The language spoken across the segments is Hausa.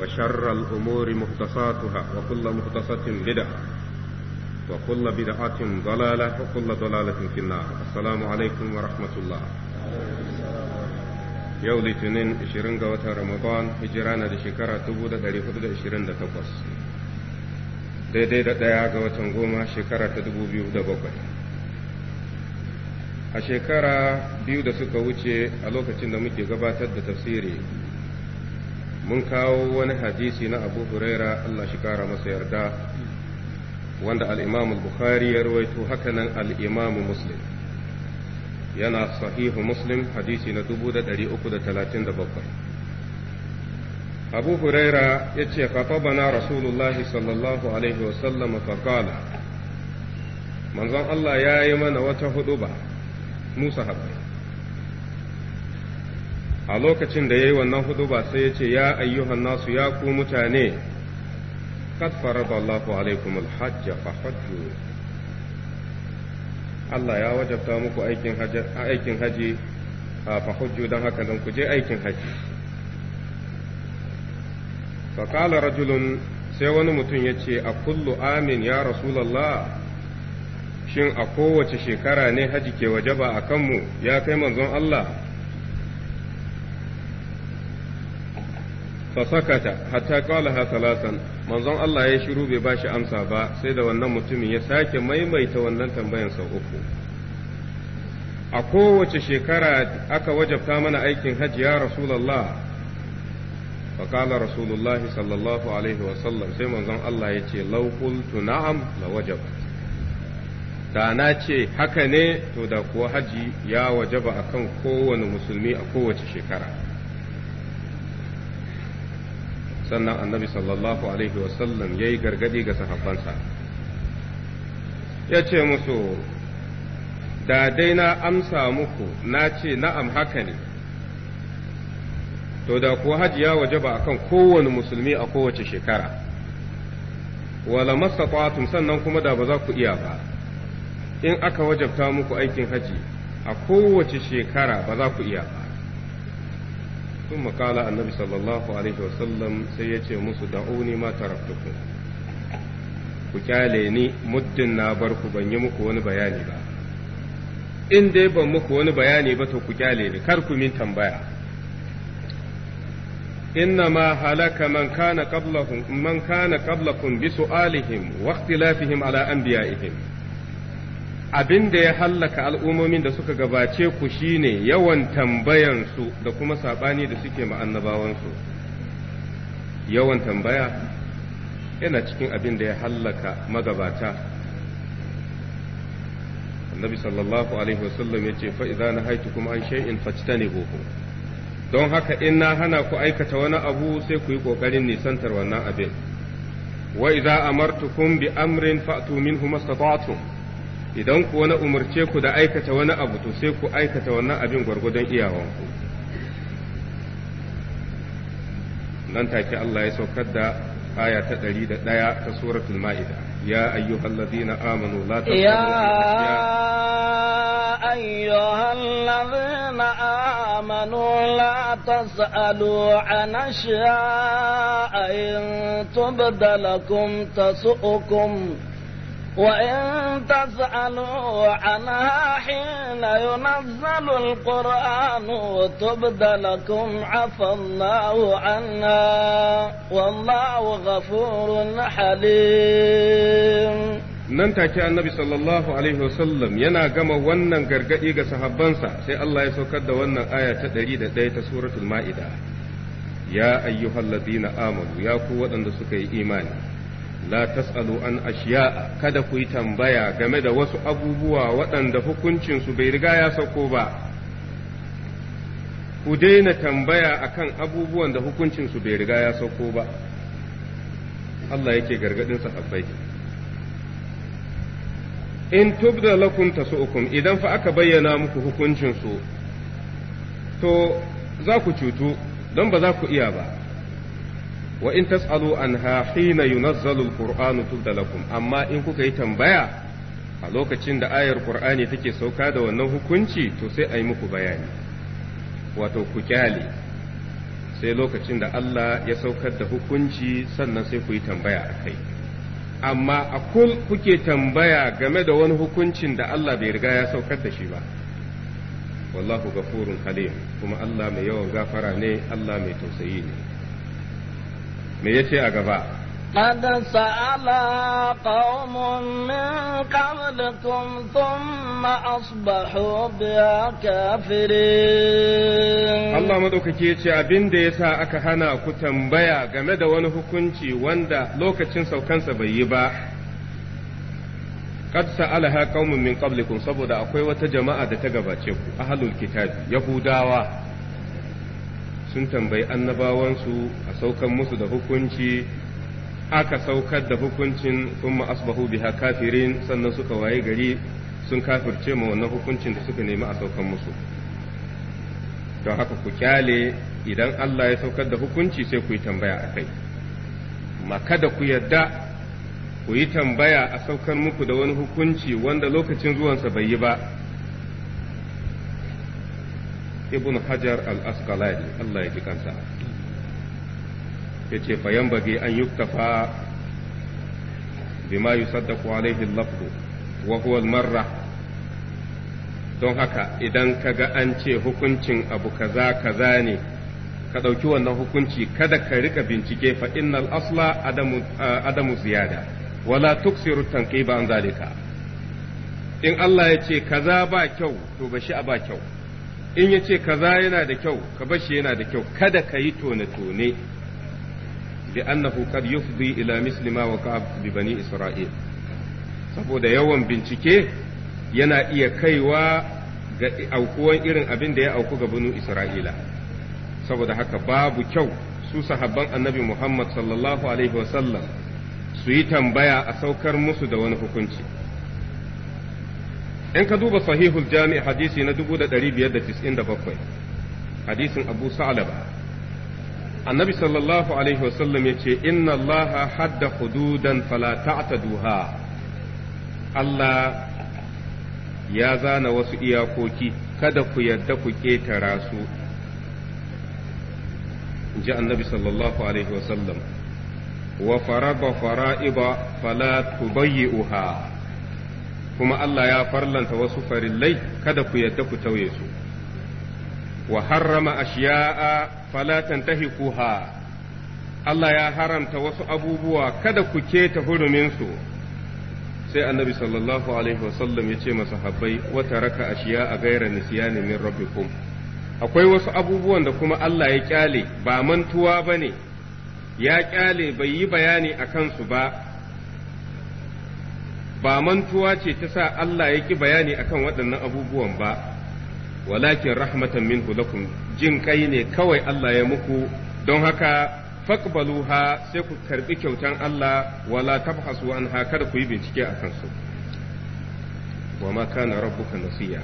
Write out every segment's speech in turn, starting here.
وشر الأمور محدثاتها وكل محدثة بدعة وكل بدعة ضلالة وكل ضلالة في النار السلام عليكم ورحمة الله yau litinin 20 ga watan ramadan hijira na da shekara 1428 daidai da ɗaya ga watan goma shekara ta 2007 a shekara biyu da suka wuce a lokacin da muke gabatar da tafsiri mun kawo wani hadisi na abu huraira Allah shi kara masa yarda wanda al'imam bukhari ya ruwaito hakanan al'imamu muslim yana sahihu muslim hadisi na 337 abu huraira ya ce bana rasulullahi sallallahu alaihi wasallam faƙala manzon Allah ya yi mana wata hudu ba musa haɓai a lokacin da ya yi wannan hudu ba sai ya ce ya ayyuhan nasu ya ku mutane kad farada Allahu alaikum alhajja fa hajju Allah ya wajabta muku aikin haji aikin haji fa hajju dan haka dan ku je aikin haji fa qala rajulun sai wani mutum ya ce a kullu amin ya rasulullah shin a kowace shekara ne haji ke wajaba a kanmu ya kai manzon Allah fasakata hatta qalaha salasan manzon Allah ya shiru bai bashi amsa ba sai da wannan mutumin ya sake maimaita wannan tambayan sau uku a kowace shekara aka wajabta mana aikin hajji ya rasulullah فقال رسول الله صلى الله عليه sai manzon Allah ya ce law qultu na'am la da na ce haka ne to da kuwa haji ya wajaba akan kowane musulmi a kowace shekara sannan annabi sallallahu alaihi wasallam ya yi gargadi ga sahabbansa ya ce musu da dai na amsa muku na ce na'am haka ne to da kuwa hajiya waje ba akan kowane musulmi a kowace shekara wala mastata'tum sannan kuma da ba za ku iya ba in aka wajabta muku aikin haji a kowace shekara ba za ku iya ba ثم قال النبي صلى الله عليه musu da'uni ma taraktukum ku kyale ni muddin na barku ku ban yi muku wani bayani ba in dai ban muku wani bayani ba to ku kyale ni kar ku min tambaya inna ma halaka man kana qablakum man kana qablakum bi su'alihim wa ikhtilafihim ala anbiya'ihim abin da ya hallaka al'ummomin da suka gabace ku shine yawan tambayansu da kuma saɓani da suke ma'annabawansu yawan tambaya yana cikin abin da ya hallaka magabata annabi sallallahu alaihi wasallam ya ce fa'iza na haitu kuma an shay'in fajtani don haka in na hana ku aikata wani abu sai ku yi ƙoƙarin nisantar wannan abin wa iza amartukum bi amrin fa'tu minhu mastata'tum idan kuwa na umarce ku da aikata wani abu to sai ku aikata wannan abin gwargwadon iyawanku nan take Allah ya saukar da aya ta ɗari da ɗaya ta suratul ma'ida ya ayyuhal ladina amanu la ya ayyuhal ladina amanu la tas'alu an ashya'a in tubda lakum tasu'ukum وإن تسألوا عنها حين ينزل القرآن تبد لكم عفى الله عنها والله غفور حليم nan take annabi sallallahu alaihi wasallam yana gama wannan gargaɗi ga sahabbansa sai Allah ya saukar da wannan aya ta ɗari da ɗaya ta suratul ma'ida ya na amanu ya ku waɗanda suka yi imani la tas'alu an ashiya kada ku yi tambaya game da wasu abubuwa waɗanda hukuncinsu bai riga ya sauko ba ku daina tambaya akan abubuwan da hukuncinsu bai riga ya sauko ba Allah yake gargadin sahabbai in tubda lakum tasu'ukum idan fa aka bayyana muku hukuncinsu to za ku cutu don ba za ku iya ba wa in tas'alu anha hina yunazzalu alqur'anu tudalakum amma in kuka yi tambaya a lokacin da ayar qur'ani take sauka da wannan hukunci to sai a yi muku bayani wato ku kyale sai lokacin da Allah ya saukar da hukunci sannan sai ku yi tambaya a kai amma a kul kuke tambaya game da wani hukuncin da Allah bai riga ya saukar da shi ba wallahu gafurun halim kuma Allah mai yawan gafara ne Allah mai tausayi ne me yace a gaba qad sa'ala qaumun min qablikum thumma asbahu bi kafirin Allah madaukake yace abinda yasa aka hana ku tambaya game da wani hukunci wanda lokacin saukan bai yi ba qad sa'ala ha qaumun min qablikum saboda akwai wata jama'a da ta gabace ku ahlul kitab yahudawa sun tambayi annabawansu a saukan musu da hukunci aka saukar da hukuncin kuma asbahu biha kafirin sannan suka waye gari sun kafirce ma wannan hukuncin da suka nemi a saukan musu don haka ku kyale idan Allah ya saukar da hukunci sai ku yi tambaya a kai kada ku yarda ku yi tambaya a saukar muku da wani hukunci wanda lokacin zuwansa bai yi ba ibn hajar al-asqalani Allah ya ji kansa ce fa yanbaghi an yuktafa bima yusaddaqu alaihi al-lafz wa huwa al-marra don haka idan kaga an ce hukuncin abu kaza kaza ne ka ɗauki wannan hukunci kada ka rika bincike fa innal asla adamu eh, adamu ziyada wala tuksiru tanqiba an zalika in Allah ya ce kaza ba kyau to bashi a ba kyau in ya ce kaza yana da kyau ka bashi yana da kyau kada ka yi tone-tone da annahu kad yufdi ila mislima wa ka'ab bi bani isra'il saboda yawan bincike yana iya kaiwa ga aukuwan irin abin da ya auku ga bani isra'ila saboda haka babu kyau su sahabban annabi muhammad sallallahu alaihi wasallam su yi tambaya a saukar musu da wani hukunci in ka duba sahihul jami hadisi na 1597 hadisin abu sa'alaba annabi sallallahu alaihi wasallam yace inna allaha hadda hududan fala ta'taduha Allah ya zana wasu iyakoki kada ku yadda ku ketara su ji annabi sallallahu alaihi wasallam wa faraba fara'iba fala tubayyi'uha kuma Allah ya farlanta wasu farillai kada ku yadda ku tauye su wa harrama ashiya'a fala tantahiquha Allah ya haramta wasu abubuwa kada ku keta hurumin su sai annabi sallallahu alaihi wasallam ya ce masahabbai wa taraka ashiya'a gaira nisyani min rabbikum akwai wasu abubuwan da kuma Allah ya kyale ba mantuwa bane ya kyale bai yi bayani akan su ba ba mantuwa ce ta sa Allah ya ki bayani akan waɗannan abubuwan ba walakin rahmatan min lakum jin kai ne kawai Allah ya muku don haka faqbaluha sai ku karbi kyautan Allah wala tabhasu an hakar ku yi bincike a su wa ma kana rabbuka nasiya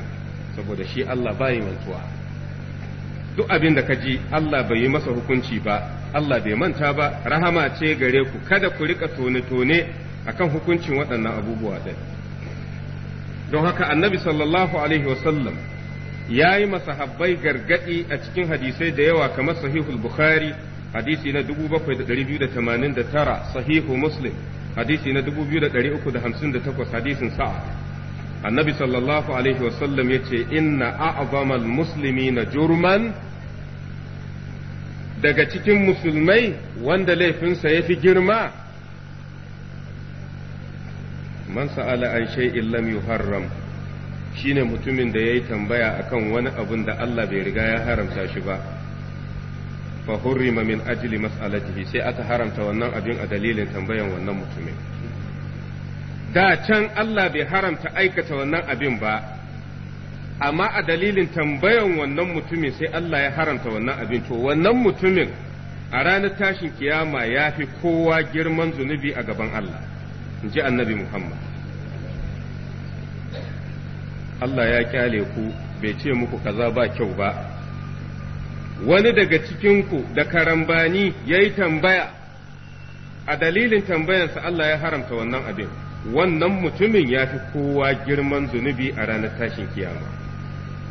saboda shi Allah bai mantuwa duk abin da kaji Allah bai yi masa hukunci ba Allah bai manta ba rahama ce gare ku kada ku rika tone tone akan hukuncin waɗannan abubuwa ɗin don haka annabi sallallahu alaihi wasallam ya yi masahabbai gargaɗi a cikin hadisai da yawa kamar sahihul bukhari hadisi na 7289 sahihu muslim hadisi na 2358 hadisin sa'a annabi sallallahu alaihi wasallam ya ce inna a'zamal muslimi na jurman daga cikin musulmai wanda laifinsa ya fi girma man sa'ala an shay'in lam yuharram shine mutumin da yayi tambaya akan wani abun da Allah bai riga ya haramta shi ba fa hurrima min ajli mas'alatihi sai aka haramta wannan abin a dalilin tambayan wannan mutumin da can Allah bai haramta aikata wannan abin ba amma a dalilin tambayan wannan mutumin sai Allah ya haramta wannan abin to wannan mutumin a ranar tashin kiyama ya fi kowa girman zunubi a gaban Allah in ji annabi Muhammad. Allah ya kyale ku bai ce muku kaza ba kyau ba, wani daga cikinku da karambani ya yi tambaya, a dalilin tambayansa Allah ya haramta wannan abin, wannan mutumin ya fi kowa girman zunubi a ranar tashin kiyama.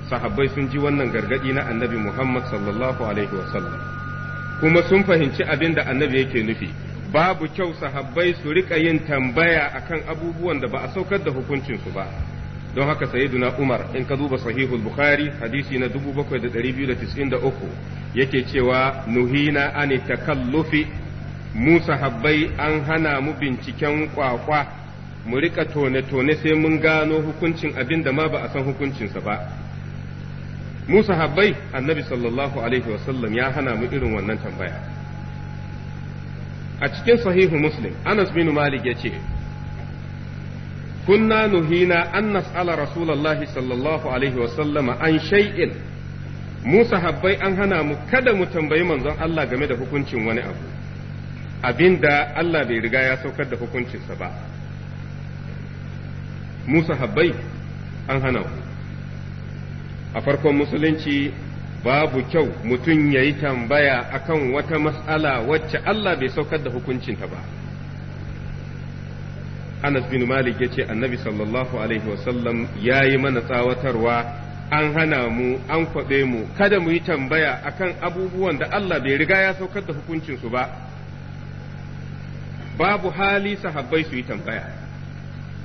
Sahabbai sun ji wannan gargadi na annabi Muhammad sallallahu Alaihi wasallam, kuma sun fahimci abin da annabi yake nufi. babu kyau sahabbai su rika yin tambaya akan abubuwan da ba a saukar da hukuncinsu ba don haka sayyiduna umar in ka duba sahihul bukhari hadisi na 7293 yake cewa nuhina ani takallufi mu sahabbai an hana mu binciken kwakwa mu rika tone-tone sai mun gano hukuncin abin da ma ba a san hukuncinsa ba mu sahabbai annabi sallallahu alaihi wasallam ya hana mu irin wannan tambaya a cikin sahihu muslim anas bin malik ya ce kunna nuhina an nas'ala rasulullahi sallallahu alaihi wasallama an shay'in mu sahabbai an hana mu kada mu tambayi manzon Allah game da hukuncin wani abu abinda Allah bai riga ya saukar da hukuncinsa ba mu sahabbai an hana mu a farkon musulunci babu kyau mutum ya yi tambaya akan wata matsala wacce Allah bai saukar da hukuncinta ba. Anas bin Malik ya ce annabi sallallahu Alaihi wasallam ya yi mana tsawatarwa an hana mu an kwaɓe mu kada mu yi tambaya akan abubuwan da Allah bai riga ya saukar da hukuncinsu ba. Babu hali sahabbai su yi tambaya,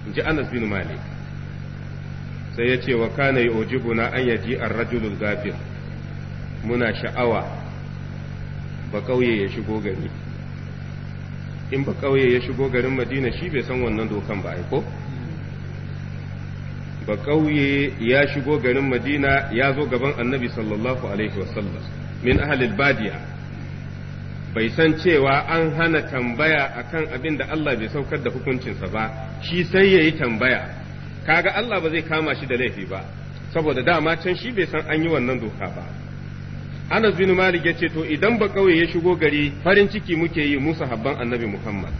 in ji Anas bin Malik. Sai ya ce wa kana yi ojibuna an yaji ar-rajulul gafir. muna sha'awa ba ƙauye ya shigo gari in ba ƙauye ya shigo garin madina shi bai san wannan dokan ba aiko ba ƙauye ya shigo garin madina ya zo gaban annabi sallallahu alaihi wasallam min ahalil badiya bai san cewa an hana tambaya akan abin da Allah bai saukar da hukuncinsa ba shi sai ya yi tambaya kaga Allah ba zai kama shi da laifi ba saboda dama can shi bai san an yi wannan doka ba Anas bin Malik yace to idan ba kauye ya shigo gari farin ciki muke yi mu sahabban Annabi Muhammad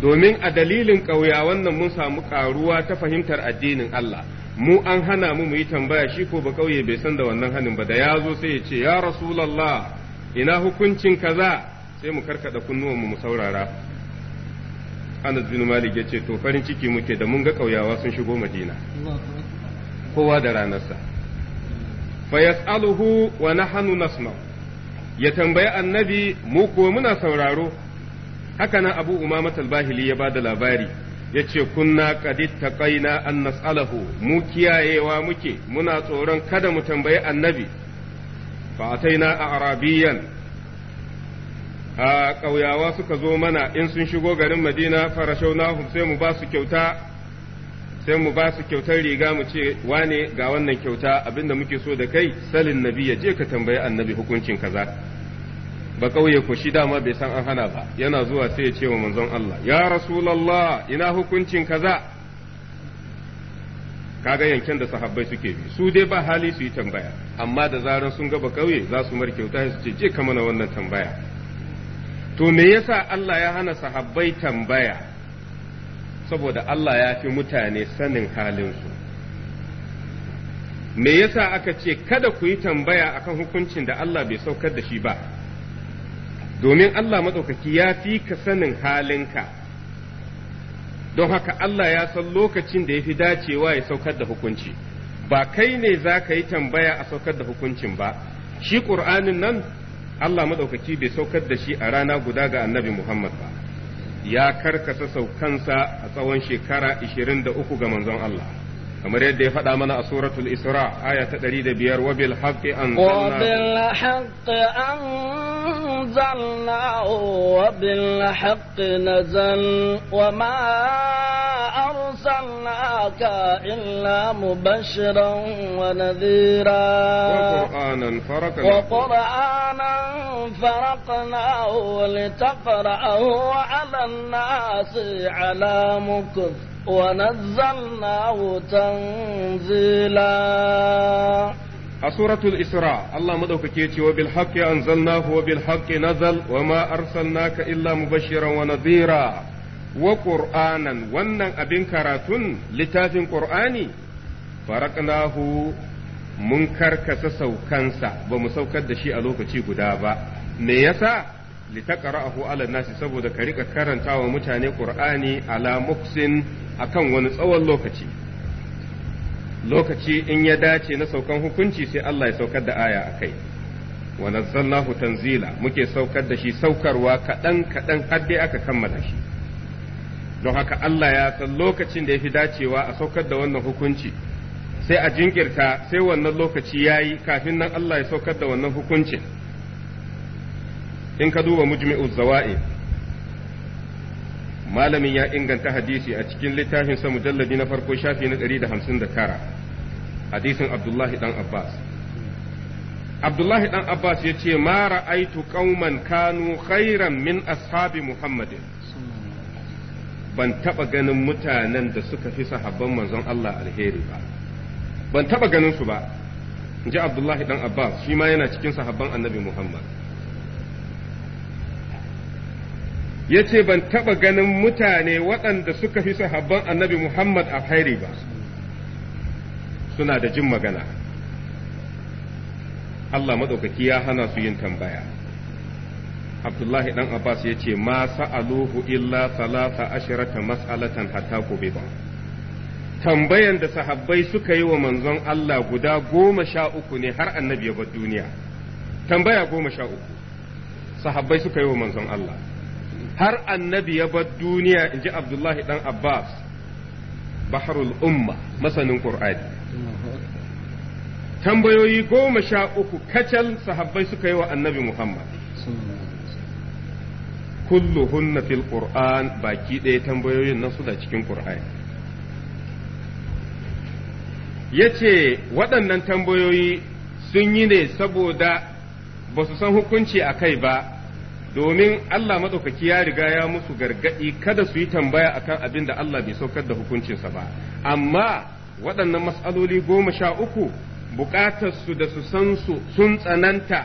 domin a dalilin kauya wannan mun samu ƙaruwa ta fahimtar addinin Allah mu an hana mu yi tambaya shi ko ba kauye bai san da wannan hanin ba da ya zo sai ya ce ya rasulullah ina hukuncin kaza sai mu karkada kunnuwan mu saurara Anas bin Malik yace to farin ciki muke da mun ga kauyawa sun shigo Madina kowa da ranarsa fa yas'aluhu wa nahnu nasma ya tambayi annabi mu ko muna sauraro haka nan abu umama talbahili ya bada labari ya kunna qadit taqaina an nas'alahu mu kiyayewa muke muna tsoron kada mu tambayi annabi fa ataina arabiyan a ƙauyawa suka zo mana in sun shigo garin madina farashaunahum sai mu ba su kyauta sai mu ba su kyautar riga mu ce wane ga wannan kyauta abinda muke so da kai salin nabi ya je ka tambayi annabi hukuncin kaza ba kauye ko shi dama bai san an hana ba yana zuwa sai ya ce wa manzon Allah ya rasulullah ina hukuncin kaza kaga yankin da sahabbai suke bi su dai ba hali su yi tambaya amma da zaran sun ba kauye za su mar kyauta su ce je ka mana wannan tambaya to me yasa Allah ya hana sahabbai tambaya saboda Allah ya fi mutane sanin halinsu. Me yasa aka ce kada ku yi tambaya akan hukuncin da Allah bai saukar da shi ba, domin Allah matsaukaki ya fi ka sanin halinka, don haka Allah ya san lokacin da ya fi dacewa ya saukar da hukunci, ba kai ne za ka yi tambaya a saukar da hukuncin ba, shi ƙur'anin nan Allah matsaukaki bai saukar da shi a rana guda ga annabi Muhammad ba. ya karkasa saukansa a tsawon shekara 23 ga manzon Allah kamar yadda ya faɗa mana a suratul isra aya ta ɗari da biyar wa bil haqqi anzalna wa bil haqqi wa bil haqqi nazal wa ma arsalnaka illa mubashiran wa nadhira wa qur'anan faraqna wa qur'anan faraqnahu litaqra'ahu 'ala ونزلناه تنزيلا سورة الإسراء الله مدوكك وبالحق أنزلناه وبالحق نزل وما أرسلناك إلا مبشرا ونذيرا وقرآنا ونن أبن كراتون لتاف قرآني فرقناه منكر كسسو كنسا بمسوكد شيء ألوكتي قدابا me yasa litaqra'ahu 'ala nasi saboda ka rika karanta wa mutane Qur'ani ala muksin akan wani tsawon lokaci lokaci in ya dace na saukan hukunci sai Allah ya saukar da aya akai wa nazzalnahu tanzila muke saukar da shi saukarwa kaɗan kaɗan har dai aka kammala shi don haka Allah ya san lokacin da ya fi dacewa a saukar da wannan hukunci sai a jinkirta sai wannan lokaci ya yi kafin nan Allah ya saukar da wannan hukuncin in ka duba mujmi'u zawa'i malamin ya inganta hadisi a cikin littafin sa mujalladi na farko shafi na 159 hadisin abdullahi dan abbas abdullahi dan abbas ya ce ma ra'aitu qauman kanu khairan min ashabi muhammadin ban taba ganin mutanen da suka fi sahabban manzon Allah alheri ba ban taba ganin su ba in ji abdullahi dan abbas shi ma yana cikin sahabban annabi muhammad ya ce ban taɓa ganin mutane waɗanda suka fi sahabban annabi Muhammad a hairi ba suna da jin magana Allah maɗaukaki ya hana su yin tambaya Abdullahi ɗan Abbas ya ce ma sa'aluhu illa salasa ashirata mas'alatan hatta ba. tambayan da sahabbai suka yi wa manzon Allah guda goma sha uku ne har annabi ya bar duniya tambaya goma sha uku sahabbai suka yi wa manzon Allah har annabi ya bar duniya in ji abdullahi dan abbas baharul umma masanin qur'ani tambayoyi goma sha uku kacal sahabbai suka yi wa annabi muhammad kulluhunna fil qur'an baki ɗaya tambayoyin nan suna cikin qur'ani yace waɗannan tambayoyi sun yi ne saboda ba su san hukunci a kai ba domin Allah matsaukaki ya riga ya musu gargaɗi kada su yi tambaya akan abin da Allah bai saukar da hukuncinsa ba amma waɗannan matsaloli goma sha uku buƙatar su da su san su sun tsananta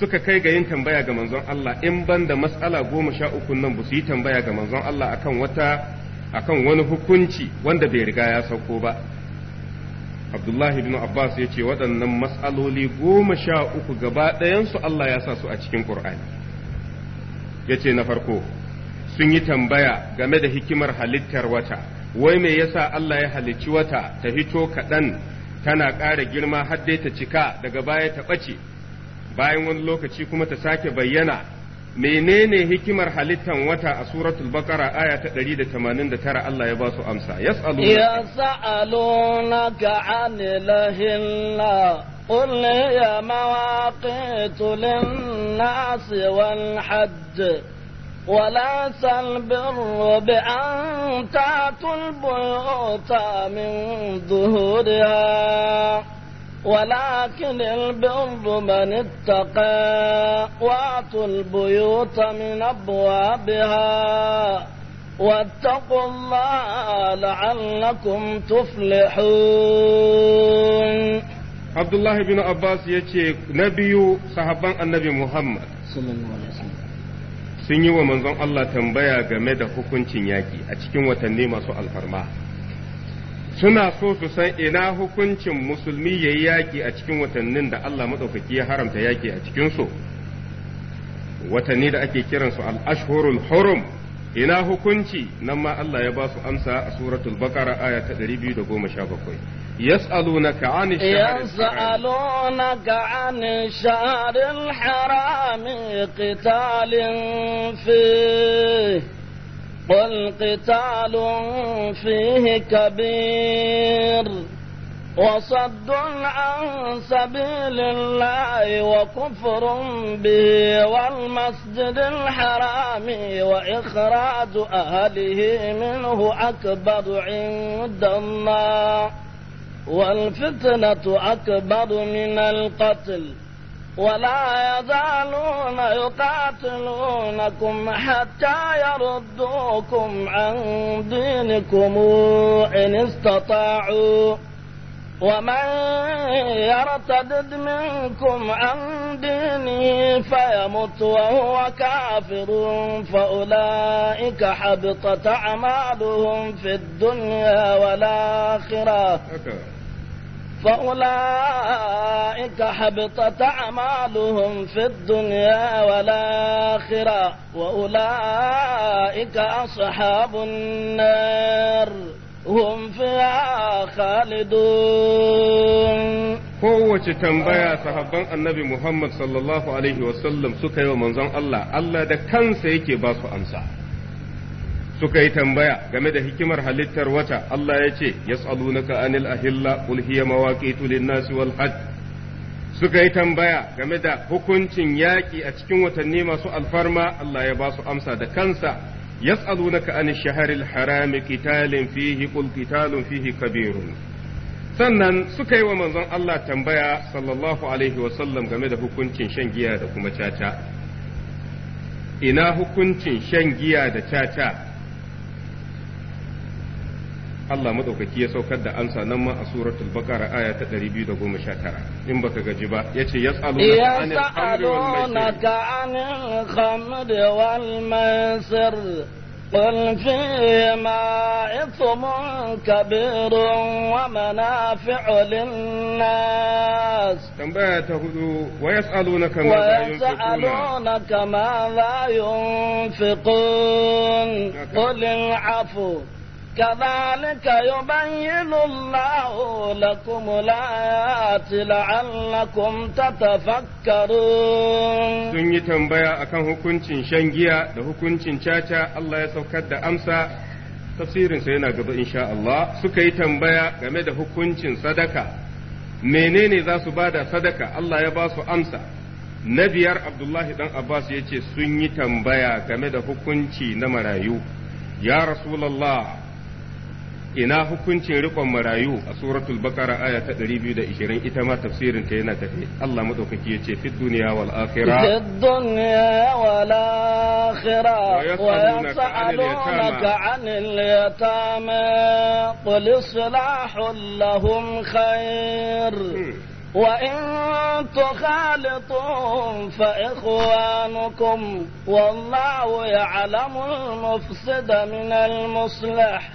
suka kai ga yin tambaya ga manzon Allah in ban da matsala goma sha uku nan ba su yi tambaya ga manzon Allah akan wata akan wani hukunci wanda bai riga ya sauko ba Abdullahi bin Abbas ya ce waɗannan matsaloli goma sha uku gaba ɗayansu Allah ya sa su a cikin Ƙur'ani. ya ce na farko sun yi tambaya game da hikimar halittar wata wai mai yasa Allah ya halicci wata ta hito kaɗan tana ƙara girma har dai ta cika daga baya ta ɓace bayan wani lokaci kuma ta sake bayyana menene hikimar halittar wata a suratul baqara aya ta 189 Allah ya ba su amsa sa'aluna yas'alunaka anil قل هي مواقيت للناس والحج ولا البر بأن تأتوا البيوت من ظهورها ولكن البر من اتقى واتوا البيوت من أبوابها واتقوا الله لعلكم تفلحون Abdullahi bin Abbas ya ce na biyu sahabban annabi Muhammad sun yi wa manzon Allah tambaya game da hukuncin yaƙi a cikin watanni masu alfarma. Suna so su san ina hukuncin musulmi ya yi yaƙi a cikin watannin da Allah maɗaukaki ya haramta yaƙi a cikinsu. Watanni da ake kiransu al-ashhurul hurum ina hukunci nan ma Allah ya ba su amsa a suratul baqara aya ta 217. يسألونك عن الشهر يسألونك عن الشهر الحرام قتال فيه قل قتال فيه كبير وصد عن سبيل الله وكفر به والمسجد الحرام وإخراج أهله منه أكبر عند الله والفتنة أكبر من القتل ولا يزالون يقاتلونكم حتى يردوكم عن دينكم إن استطاعوا ومن يرتد منكم عن دينه فيمت وهو كافر فأولئك حبطت أعمالهم في الدنيا والآخرة فأولئك حبطت أعمالهم في الدنيا والآخرة وأولئك أصحاب النار hum fiha khalidun kowace tambaya sahaban annabi Muhammad sallallahu alaihi wasallam suka yi wa manzon Allah Allah da kansa yake ba su amsa suka yi tambaya game da hikimar halittar wata Allah ya ce yas'alunaka anil ahilla qul hiya mawaqitu lin-nasi wal suka yi tambaya game da hukuncin yaƙi a cikin watanni masu alfarma Allah ya ba su amsa da kansa yas'alunaka an shaharil harami qitalin fihi qul qitalun fihi kabirun sannan suka yi wa manzon Allah tambaya sallallahu alaihi wa sallam game da hukuncin shan giya da kuma caca ina hukuncin shan giya da caca Allah madaukaki ya saukar da amsa nan ma a suratul baqara aya ta 219 in baka gaji ba yace yas'alunaka anil khamri wal maisir قل فيما إثم كبير ومنافع للناس ويسألونك ماذا ويسألونك ماذا ينفقون قل العفو كذلك يبين الله لكم الآيات لعلكم تتفكرون sun yi tambaya akan hukuncin shan giya da hukuncin caca Allah ya saukar da amsa tafsirinsa yana gaba insha Allah suka yi tambaya game da hukuncin sadaka menene za su bada sadaka Allah ya ba su amsa na biyar Abdullahi dan Abbas ya ce sun yi tambaya game da hukunci na marayu ya Rasulallah ina hukuncin rikon marayu a suratul bakara aya ta 220 ita ma tafsirin ta yana tafi Allah madaukaki yace fi dunya wal akhirah fi dunya wal akhirah wa yas'alunaka 'anil yatama qul islahu lahum khair وإن تخالطهم فإخوانكم والله يعلم المفسد من المصلح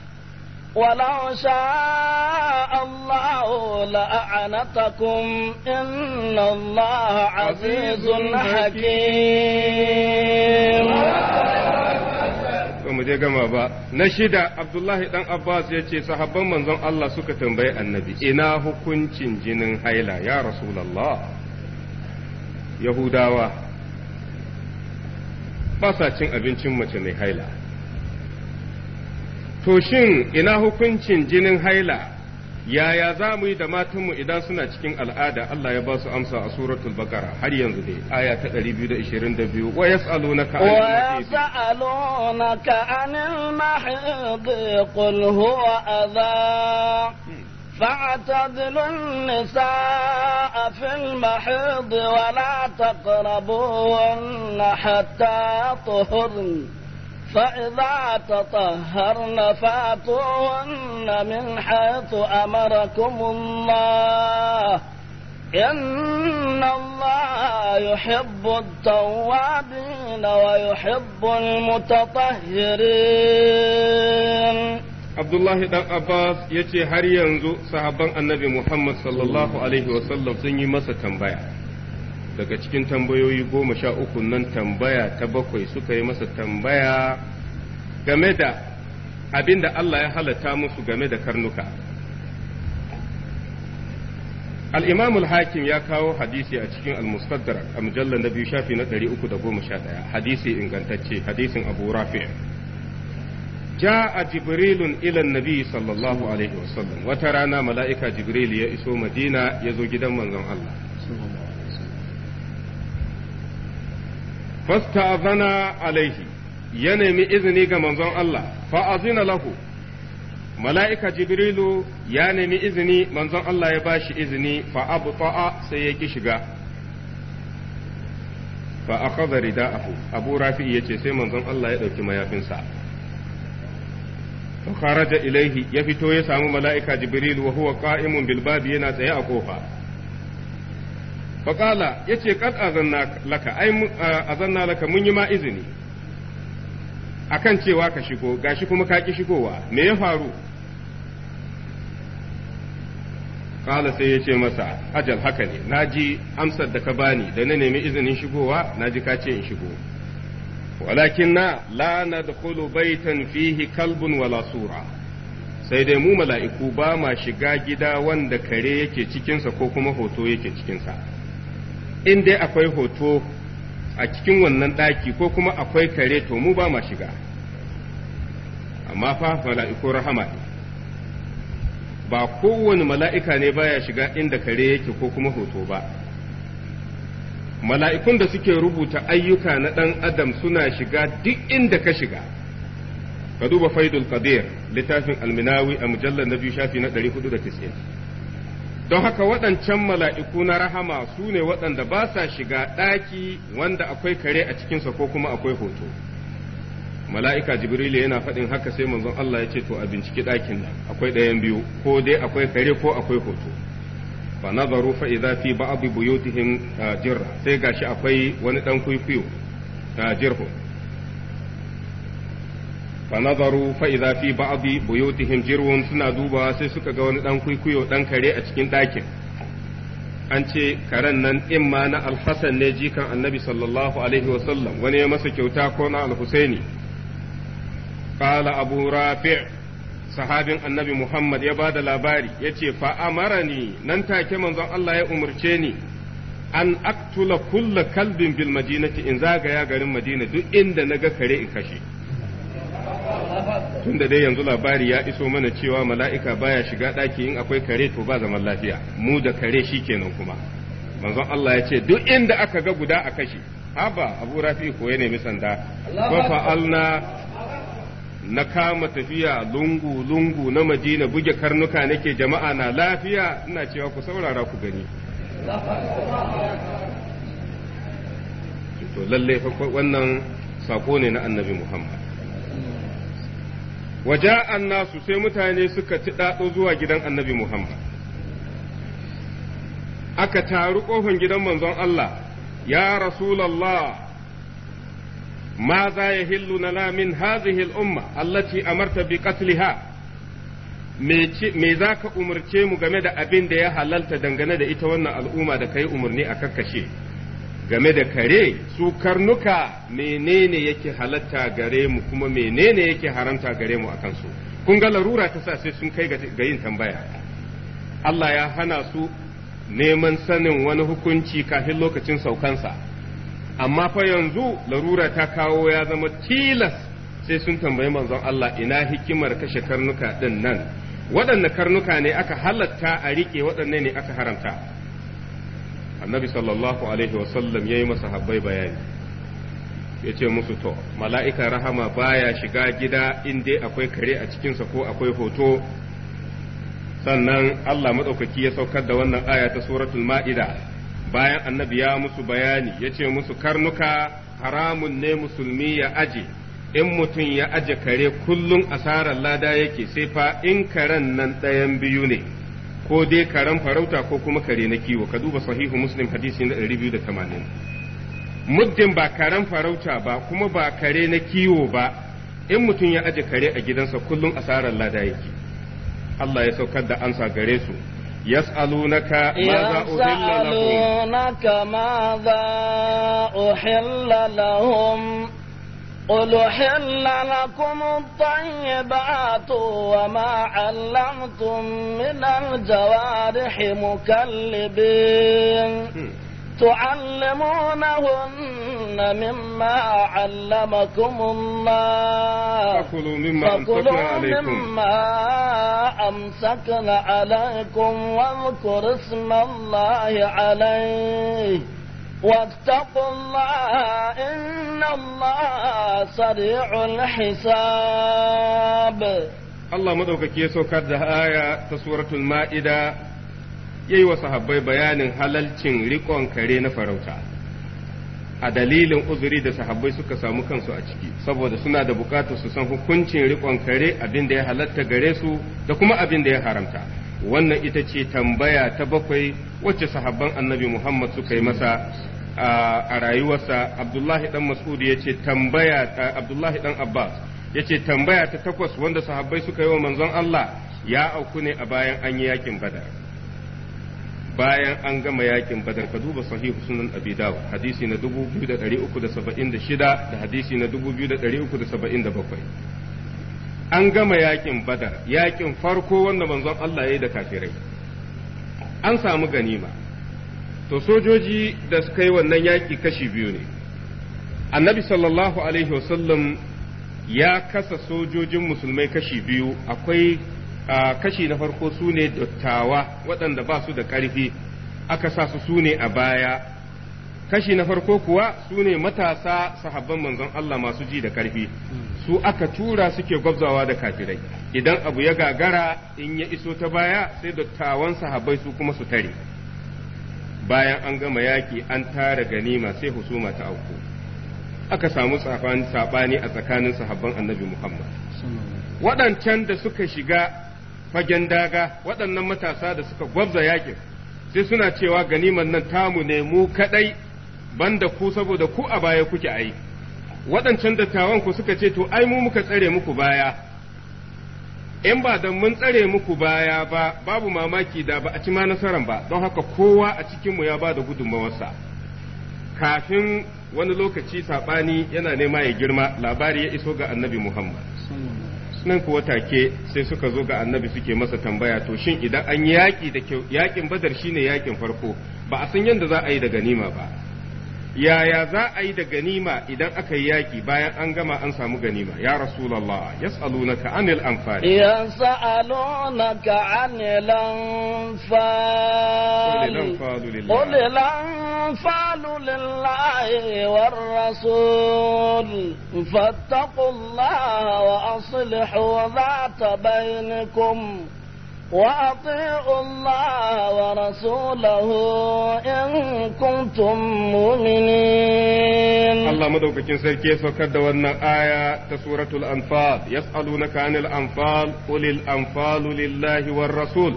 ولو شاء الله لأعنتكم إن الله عزيز حكيم ba je gama ba na shida abdullahi dan abbas ya ce sahabban manzon allah suka tambayi annabi ina hukuncin jinin haila ya rasulallah yahudawa ba cin abincin mace mai haila to shin ina hukuncin jinin haila yaya za mu yi da matanmu idan suna cikin al'ada Allah ya ba su amsa a suratul bakara har yanzu dai aya ta 222 wa yas'alunaka wa a anil mahid qul huwa a فاعتزلوا النساء في المحيض ولا تقربوهن حتى طهرن فإذا تطهرن فأتوهن من حيث أمركم الله إن الله يحب التوابين ويحب المتطهرين عبد الله بن عباس يتي هر ينزو صحابان النبي محمد صلى الله عليه وسلم سني مسا تنبيه daga cikin tambayoyi goma sha uku nan tambaya ta bakwai suka yi masa tambaya game da abin da Allah ya halatta musu game da karnuka al'imamul hakim ya kawo hadisi a cikin al a mujallar na biyu shafi na ɗaya hadisi ingantacce hadisin abu rafi' جاء جبريل إلى النبي rana mala'ika عليه وسلم وترانا ملائكة جبريل يئسوا مدينة يزوج دم من Allah. fasta'zana alaihi ya nemi izini ga manzon Allah fa'azina lahu mala'ika jibrilu ya nemi izini manzon Allah ya bashi izini fa'abta'a sai ya ki shiga fa akhadha rida'ahu abu rafi yace sai manzon Allah ya ɗauki mayafinsa fa kharaja ilaihi ya fito ya samu mala'ika jibrilu wa huwa qa'imun bil yana tsaye a kofa faƙala ya ce kad azanna laka laka mun yi ma izini akan cewa ka shigo gashi kuma ka ki shigowa me ya faru kala sai ya ce masa ajal haka ne na ji amsar da ka bani da na nemi izinin shigowa na ji ka ce in shigo walakin na la na baitan fihi kalbun wala sura sai dai mu mala'iku ba ma shiga gida wanda kare yake cikinsa ko kuma hoto yake cikinsa in dai akwai hoto a cikin wannan ɗaki ko kuma akwai kare to mu ba ma shiga amma fa mala'iku rahama ba kowane mala'ika ne baya shiga inda kare yake ko kuma hoto ba mala'ikun da suke rubuta ayyuka na ɗan adam suna shiga duk inda ka shiga ka duba faidul qadir littafin alminawi a mujallar na biyu shafi na 490 don haka waɗancan mala'iku na rahama su ne waɗanda ba sa shiga ɗaki wanda akwai kare a cikinsa ko kuma akwai hoto mala'ika jibrilu yana faɗin haka sai manzon Allah ya ce to a binciki ɗakin nan akwai ɗayan biyu ko dai akwai kare ko akwai hoto fa nazaru fa idza fi ba'd buyutihim ah, jirra sai gashi akwai wani dan kuikuyo ah, jirho fa nazaru fa idza fi ba'd buyutihim jirwun suna dubawa sai suka ga wani dan kuikuyo dan kare a cikin ɗakin an ce karen nan in ma na alhassan ne jikan annabi sallallahu alaihi sallam wani ya masa kyauta ko na alhusaini qala abu rafi' sahabin annabi muhammad ya bada labari ya ce fa'amarani nan take manzon Allah ya umarce ni an aktula kulla kalbin bil madinati in zagaya garin madina duk inda na ga kare in kashe Tun da dai yanzu labari ya iso mana cewa mala'ika baya shiga ɗaki in akwai kare to ba zaman lafiya mu da kare shi kenan kuma manzon Allah ya ce duk inda aka ga guda a kashi haba abu rafi ko ya nemi sanda ba fa'alna na kama tafiya lungu lungu na madina buge karnuka nake jama'a na lafiya ina cewa ku saurara ku gani to lalle wannan sako ne na annabi Muhammad waja annasu sai mutane suka ci ɗaɗo zuwa gidan annabi Muhammad. Aka taru ƙofan gidan manzon Allah, ya Rasulallah, ma za ya hillu na min hazihi umma allati amarta bi qatliha me za ka umarce mu game da abin da ya halalta dangane da ita wannan al'umma da ka yi umarni a kakkashe. game da kare su karnuka menene yake halatta gare mu kuma menene yake haramta gare mu akan su kun ga larura ta sa sai sun kai ga yin tambaya Allah ya hana su neman sanin wani hukunci kafin lokacin saukansa amma fa yanzu larura ta kawo ya zama tilas sai sun tambayi manzon Allah ina hikimar kashe karnuka din nan waɗanne karnuka ne aka halatta a riƙe waɗanne ne aka haramta annabi sallallahu alaihi wasallam ya yi masahabbai bayani ya ce musu to mala'ika rahama baya shiga gida in dai akwai kare a cikinsa ko akwai hoto sannan Allah maɗaukaki ya saukar da wannan aya ta suratul ma'ida bayan annabi ya musu bayani ya ce musu karnuka haramun ne musulmi ya aje in mutum ya aje kare kullum asarar lada yake sai fa in karen nan ɗayan biyu ne ko dai karen farauta ko kuma kare na kiwo ka duba sahihu muslim hadisi na 280 muddin ba karen farauta ba kuma ba kare na kiwo ba in mutum ya aje kare a gidansa kullum asarar lada yake Allah ya saukar da ansa gare su يسألونك ماذا أحل لهم يسألونك ماذا أحل لهم أحل لكم الطيبات وما علمتم من الجوارح مكلبين hmm. تعلمونهن مما علمكم اللهفكلوا مما أمسكن عليكم واذكر اسم الله عليه واتقوا الله إن الله سريع الحساب Allah مدوك ya saukar da aya ta suratul ma'ida بيان wa sahabbai bayanin halalcin riƙon kare na farauta a dalilin uzuri da sahabbai suka samu kansu a ciki saboda suna da bukatar su san hukuncin riƙon kare abin da ya halatta gare su da kuma abin da ya haramta wannan ita ce tambaya ta bakwai wacce sahabban annabi Muhammad suka yi masa a rayuwarsa Abdullahi dan Mas'ud ya ce tambaya ta Abdullahi dan Abbas ya ce tambaya ta takwas wanda sahabbai suka yi wa manzon Allah ya auku ne a bayan an yi yakin Badar bayan an gama yakin Badar ka duba sahihu sunan Abi Dawud hadisi na 2376 da hadisi na 2377 an gama yakin badar yakin farko wanda manzon Allah ya yi da kafirai an samu ganima to sojoji da suka yi wannan yaki kashi biyu ne annabi sallallahu alaihi wasallam ya kasa sojojin musulmai kashi biyu akwai kashi na farko su ne dattawa waɗanda ba su da ƙarfi aka sa su su ne a baya kashi na farko kuwa su ne matasa sahabban manzon Allah masu ji da karfi su aka tura suke gwabzawa da kafirai idan abu ya gagara in ya iso ta baya sai dattawan sahabbai su kuma su tare bayan an gama yaki an tara ganima sai husuma ta auku aka samu sabani a tsakanin sahabban annabi Muhammad waɗancan da suka shiga fagen daga waɗannan matasa da suka gwabza yakin sai suna cewa ganiman nan tamu ne mu kadai banda ku saboda ku a baya kuke ai waɗancan dattawan ku suka ce to ai mu muka tsare muku baya in ba dan mun tsare muku baya ba babu mamaki da ba a ci ma nasaran ba don haka kowa a cikinmu ya ba da sa kafin wani lokaci saɓani yana nema ya girma labari ya iso ga annabi muhammad nan kuwa take sai suka zo ga annabi suke masa tambaya to shin idan an yi yaƙi da kyau yaƙin badar shine yaƙin farko ba a san yadda za a yi da ganima ba yaya za a yi da ganima idan aka yi yaƙi bayan an gama an samu ganima ya rasulallah ya rasulullah yas'alunaka anil na yas'alunaka anil anfal qul lil anfal lillahi war rasul fattaqullaha wa aslihu wa dhata bainakum وأطيعوا الله ورسوله إن كنتم مؤمنين الله مدوكين سركي سوكد وانا آية تسورة الأنفال يسألونك عن الأنفال قل الأنفال لله والرسول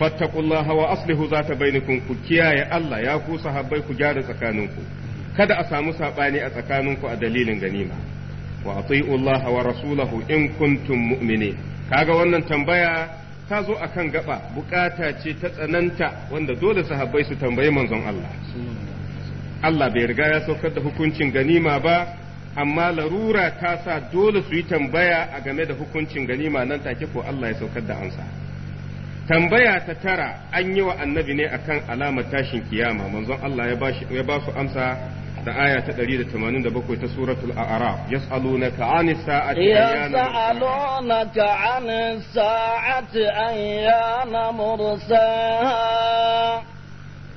فاتقوا الله وأصله ذات بينكم كيايا الله يا كو صحابي كجار سكانكم kada a samu saɓani a tsakaninku a dalilin ganima wa ati'u Allah wa rasulahu in kuntum mu'minin kaga wannan tambaya ta zo a kan gaba bukata ce ta tsananta wanda dole sahabbai su tambayi manzon Allah Allah bai riga ya saukar da hukuncin ganima ba amma larura ta sa dole su yi tambaya a game da hukuncin ganima nan take ko Allah ya saukar da ansa tambaya ta tara an yi wa annabi ne akan alamar tashin kiyama manzon Allah ya ba su amsa da aya ta 187 ta suratul a'raf yas'alunaka 'anis sa'ati yas'alunaka 'anis sa'ati ayyana mursaha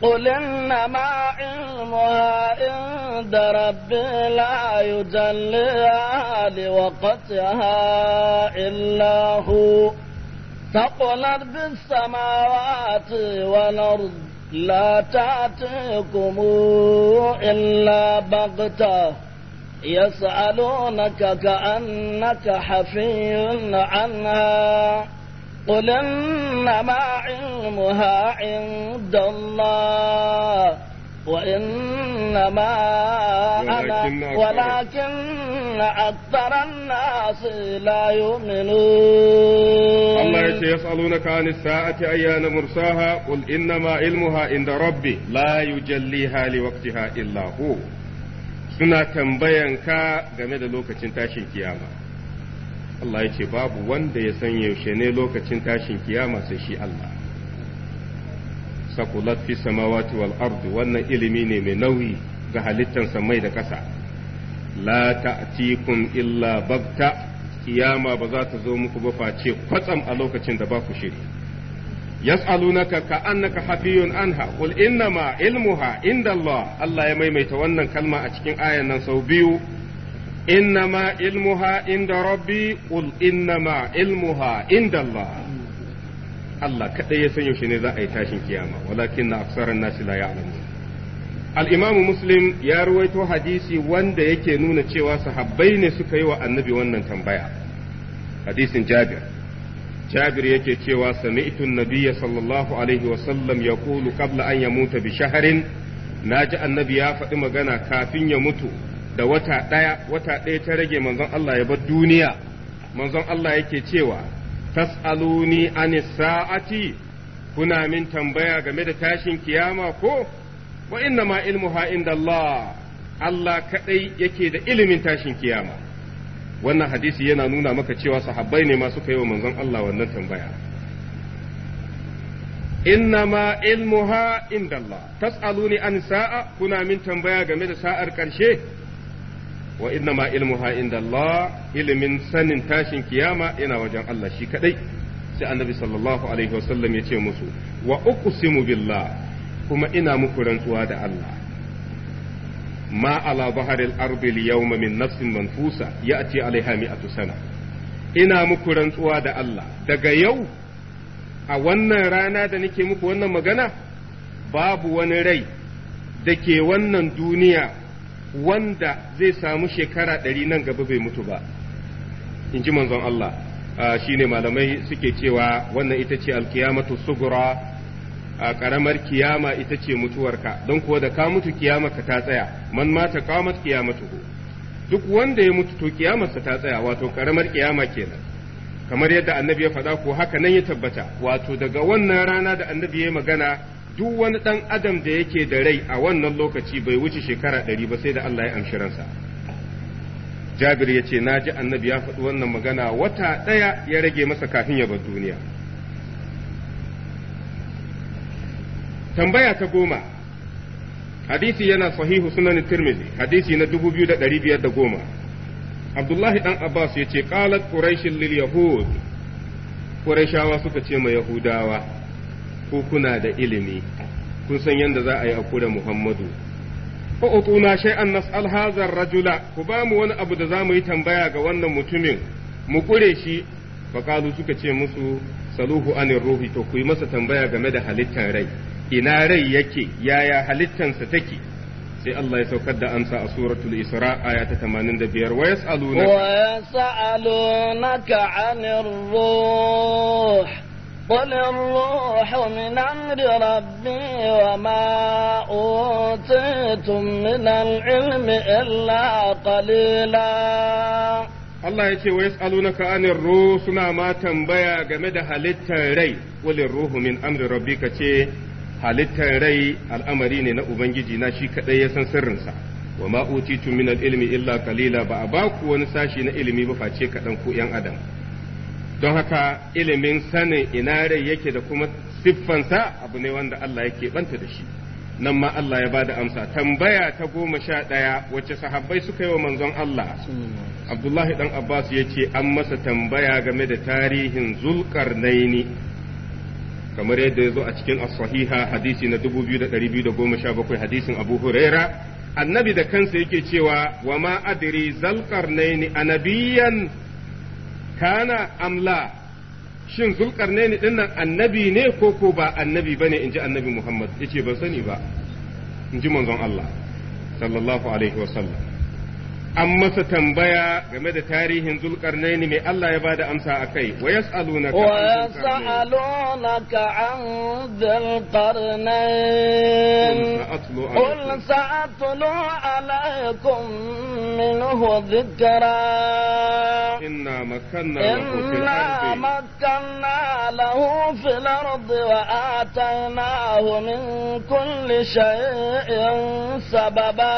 قل إنما علمها عند ربي لا يجليها لوقتها إلا هو ثقلت بالسماوات والأرض لا تأتيكم إلا بغتة يسألونك كأنك حفي عنها قل إنما علمها عند الله وإنما أنا ولكن أكثر الناس لا يؤمنون الله يسألونك عن الساعة أيان مرساها قل إنما علمها عند ربي لا يجليها لوقتها إلا هو suna tambayanka game da lokacin tashin kiyama Allah ya ce babu wanda ya san yaushe ne lokacin tashin kiyama sai shi Allah saqulat fi samawati wal ardi wannan ilimi ne mai nauyi ga halittan samai da ƙasa la ta'tikum illa bagta kiyama ba za ta zo muku ba face kwatsam a lokacin da ba ku shiri yas'alunaka ka annaka hafiyun anha qul innama ilmuha inda Allah Allah ya maimaita wannan kalma a cikin ayan nan sau biyu innama ilmuha inda rabbi qul innama ilmuha inda Allah Allah kaɗai ya san yaushe ne za a yi tashin kiyama walakin na aksaran nasi la ya al-imamu muslim ya ruwaito hadisi wanda yake nuna cewa sahabbai ne suka yi wa annabi wannan tambaya hadisin jabir jabir yake cewa sami'tu nabiyya sallallahu alaihi wa sallam yaqulu qabla an mutu bi shahrin naji annabi ya faɗi magana kafin ya mutu da wata ɗaya wata ɗaya ta rage manzon Allah ya bar duniya manzon Allah yake cewa tas'aluni anis sa'ati kuna min tambaya game da tashin kiyama ko wa inna ma ilmuha inda Allah Allah kadai yake da ilimin tashin kiyama wannan hadisi yana nuna maka cewa sahabbai ne masu yi wa manzon Allah wannan tambaya inna ma ilmuha inda Allah tas'aluni an sa'a kuna min tambaya game da sa'ar karshe wa inna ma ilmuha inda Allah ilimin sanin tashin kiyama yana wajen Allah shi kaɗai. sai annabi sallallahu alaihi wasallam ya ce musu wa uqsimu billah kuma ina muku rantsuwa da Allah ma ala baharil ardi al-yawma min nafsin manfusa ya'ti alaiha mi'atu ina muku rantsuwa da Allah daga yau a wannan rana da nake muku wannan magana babu wani rai da ke wannan duniya wanda zai samu shekara ɗari nan gaba bai mutu ba in ji manzon Allah shi ne malamai suke cewa wannan ita ce alkiyamatu sugura a ƙaramar kiyama ita ce mutuwarka don kuwa da ka mutu ka ta tsaya man mata qamat qiyamatuhu duk wanda ya mutu to kiyamarsa ta tsaya wato ƙaramar kiyama kenan kamar yadda annabi ya faɗa ko haka nan ya tabbata wato daga wannan rana da annabi ya magana duk wani ɗan adam da yake da rai a wannan lokaci bai wuce shekara ɗari ba sai da Allah ya amshiransa. jabir ya ce na ji annabi ya faɗi wannan magana wata ɗaya ya rage masa kafin ya bar duniya tambaya ta goma hadisi yana sahihu sunan tirmidhi hadisi na dubu biyu da da biyar goma abdullahi ɗan abbas ya ce Ƙalat quraish lil yahud qurayshawa suka ce ma yahudawa ko kuna da ilimi kun san yadda za a yi a da Muhammadu fa utuna shay'an nas'al hadha rajula ku ba mu wani abu da za mu yi tambaya ga wannan mutumin mu kure shi fa suka ce musu saluhu anir ruhi to ku yi masa tambaya game da halittan rai ina rai yake yaya halittansa take sai Allah ya saukar da amsa a suratul Isra aya ta 85 wa yas'alunaka wa yas'alunaka anir ruh قل الروح من أمر ربي وما أوتيتم من العلم إلا قليلا Allah ya ce wa yas'alunaka anir ruh suna ma tambaya game da halittar rai walin ruhu min amri ka ce halittar rai al'amari ne na ubangiji na shi kadai ya san sirrinsa wa ma utitu min al-ilmi illa qalila ba a baku wani sashi na ilimi ba face kadan ku yan adam don haka ilimin sanin ina rai yake da kuma siffansa abu ne wanda Allah yake banta da shi nan ma Allah ya bada amsa tambaya ta goma sha ɗaya wacce sahabbai suka yi wa manzon Allah Abdullahi dan Abbas ya ce an masa tambaya game da tarihin naini kamar yadda ya zo a cikin as-sahiha hadisi na 2217 hadisin Abu Huraira annabi da kansa yake cewa wa ma adri zulkarnaini anabiyan kana amla shin zulkarnaini ni nan annabi ne ko ko ba annabi bane inji annabi Muhammad yace ban sani ba inji manzon Allah sallallahu alaihi wa sallam an masa tambaya game da tarihin ni mai Allah ya bada amsa a kai wa yas'alunaka wa yas'alunaka an dhil qarnain qul sa'atlu alaykum minhu dhikra إنا مكنا له في الأرض إنا مكنا له وآتيناه من كل شيء سببا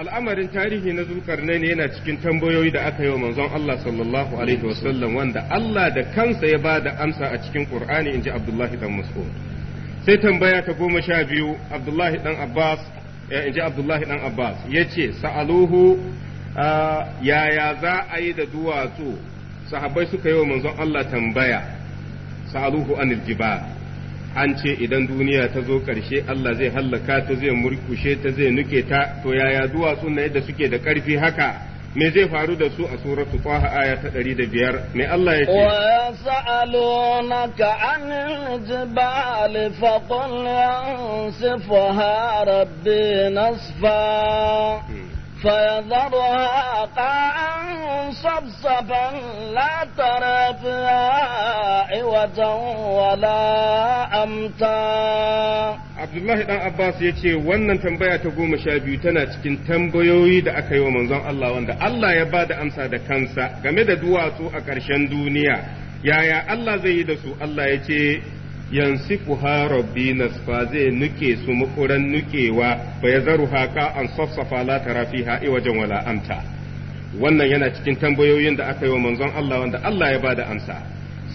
الأمر تاريخي نزل قرنين هنا cikin tambayoyi da aka yi wa manzon Allah sallallahu alaihi wasallam wanda Allah da kansa ya ba da amsa a cikin Qur'ani inji Abdullahi dan Mas'ud sai tambaya ta goma sha biyu Abdullahi dan Abbas inji Abdullahi dan Abbas sa'aluhu yaya za a yi da duwatsu sahabbai suka yi wa manzon Allah tambaya sa'aluhu anil jibal an ce idan duniya ta zo ƙarshe Allah zai hallaka ta zai murkushe ta zai nuke ta to yaya duwatsu na yadda suke da ƙarfi haka me zai faru da su a suratu qaha aya ta 105 me Allah ya ce wa sa'alunaka anil jibal fa qul yansifuha rabbi nasfa hmm. فيذرها قاعا صفصفا لا ترى فيها عوجا ولا أمتا عبد الله بن عباس yace wannan tambaya ta goma sha biyu tana cikin tambayoyi da aka yi wa manzon Allah wanda Allah ya ba da amsa da kansa game da duwatsu a ƙarshen duniya yaya Allah zai yi da su Allah ya ce yansifuha rabbi nasfa zai nuke su makuran nukewa fa zaru haka an safsafa la tara fiha wala amta wannan yana cikin tambayoyin da aka yi wa manzon Allah wanda Allah ya bada amsa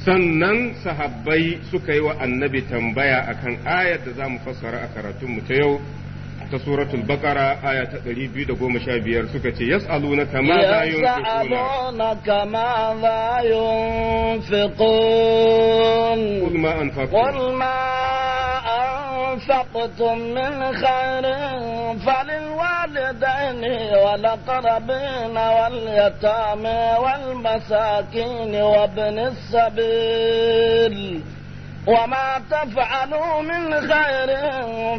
sannan sahabbai suka yi wa annabi tambaya akan ayar da za mu fassara a karatun mu ta yau ta suratul baqara aya ta 215 suka ce yas'alunaka ma za yunfiquna ma za yunfiqun qul ma anfaqtum qul ma أنفقتم من خير فللوالدين والأقربين واليتامى والمساكين وابن السبيل وما تفعلوا من خير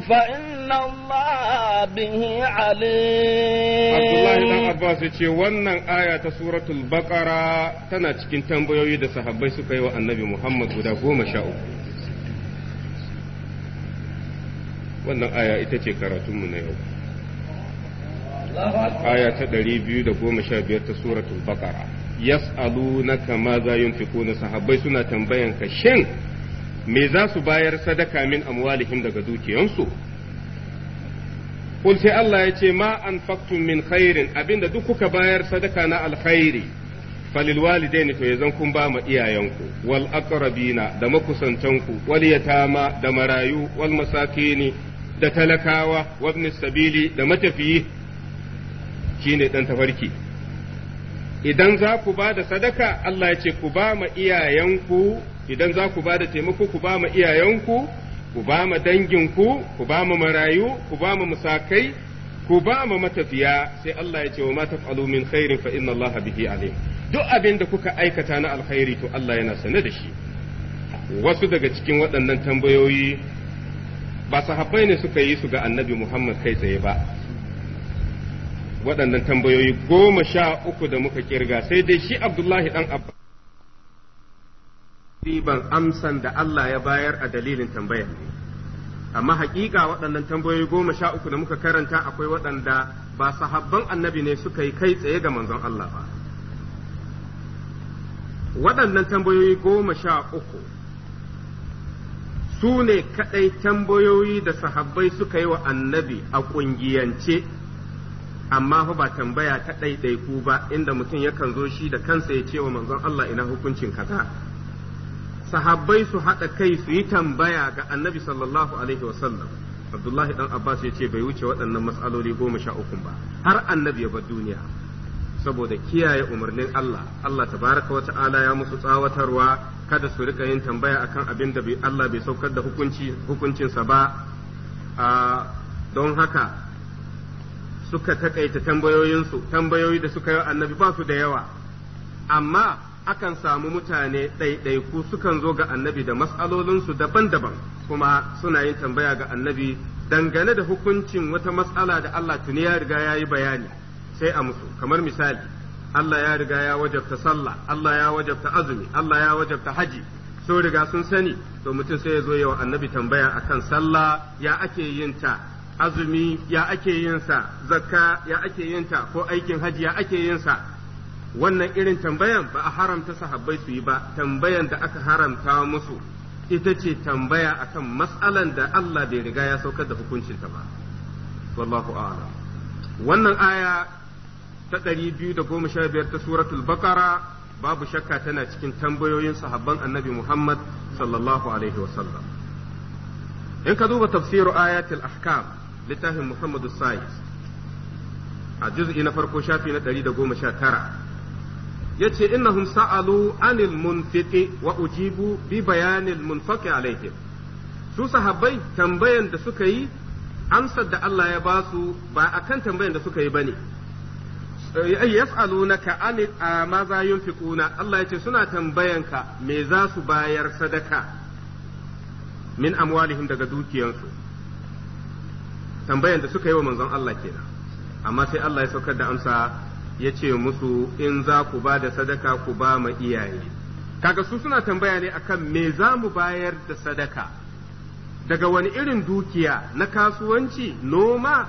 فإن الله به عليم عبد الله بن عباس يقول wannan aya ta suratul baqara tana cikin tambayoyi da sahabbai suka yi wa annabi Muhammad guda goma sha uku wannan aya ita ce karatunmu na yau aya ta ɗari biyu da goma sha biyar ta suratul baqara yas'alunaka ma za yunfiquna sahabbai suna tambayan ka shin me za su bayar sadaka min amwalihim daga dukiyansu kul sai Allah ya ce ma anfaqtum min khairin abinda duk kuka bayar sadaka na alkhairi falil walidaini to yanzu kun ba ma iyayenku wal aqrabina da makusantanku wal yatama da marayu wal masakini da talakawa wabni sabili da matafiyi shine dan tafarki idan za ku ba da sadaka Allah ya ce ku ba ma iyayenku idan za ku ba da taimako ku ba ma iyayenku ku ba ma danginku ku ba ma marayu ku ba ma musakai ku ba ma matafiya sai Allah ya ce wa ma taf'alu min khairin fa inna Allah bihi alim duk abin da kuka aikata na alkhairi to Allah yana sane da shi wasu daga cikin waɗannan tambayoyi ba sahabbai ne suka yi su ga annabi Muhammad kai tsaye ba waɗannan tambayoyi goma sha uku da muka kirga sai dai shi Abdullahi ɗan Abba ɗiban amsan da Allah ya bayar a dalilin tambayar ne amma haƙiƙa waɗannan tambayoyi goma sha uku da muka karanta akwai waɗanda ba sahabban annabi ne suka yi kai tsaye ga manzon Allah ba waɗannan tambayoyi goma sha uku su ne kaɗai tambayoyi da sahabbai suka yi wa annabi a ƙungiyance amma fa ba tambaya ta ɗaiɗaiku ba inda mutum yakan zo shi da kansa ya ce wa manzon Allah ina hukuncin kaza sahabbai su haɗa kai su yi tambaya ga annabi sallallahu alaihi wasallam abdullahi dan abbas ya ce bai wuce waɗannan matsaloli goma sha uku ba har annabi ya bar duniya saboda kiyaye umarnin Allah Allah tabaraka wa ta'ala ya musu tsawatarwa kada su rika yin tambaya akan abin da Allah bai saukar da hukunci hukuncinsa ba don haka suka takaita tambayoyinsu tambayoyi da suka yi annabi ba su da yawa amma akan samu mutane ɗaiɗaiku sukan zo ga annabi da matsalolinsu daban-daban kuma suna yin tambaya ga annabi dangane da hukuncin wata matsala da Allah tuni ya riga ya yi bayani sai a musu kamar misali Allah ya riga ya wajabta sallah Allah ya wajabta azumi Allah ya wajabta haji sun riga sun sani to mutum sai ya zo yawa annabi tambaya akan sallah ya ake yin ta azumi ya ake yin sa zakka ya ake yin ta ko aikin haji ya ake yin sa wannan irin tambayan ba a haramta sahabbai su yi ba tambayan da aka haramta musu ita ce tambaya akan matsalan da Allah bai riga ya saukar da ta ba wallahu a'lam wannan aya ta 215 ta suratul baqara babu shakka tana cikin tambayoyin sahabban annabi Muhammad sallallahu alaihi wasallam in ka duba tafsiru ayatul ahkam littafin Muhammadu Sa'id a juz'i na farko shafi na 119 yace innahum sa'alu anil munfiqi wa ujibu bi bayanil munfaqi alaihim su sahabbai tambayan da suka yi amsar da Allah ya ba ba akan tambayan da suka yi bane eh, yas'alunaka an ma za yunfiquna Allah ce suna tambayanka me za su bayar sadaka min amwalihim daga dukiyansu tambayan da suka yi wa manzon Allah kenan amma sai Allah ya saukar da amsa ya ce musu in za ku ba da sadaka ku ba ma iyaye kaga su suna tambaya ne akan me za mu bayar da sadaka daga wani irin dukiya na kasuwanci noma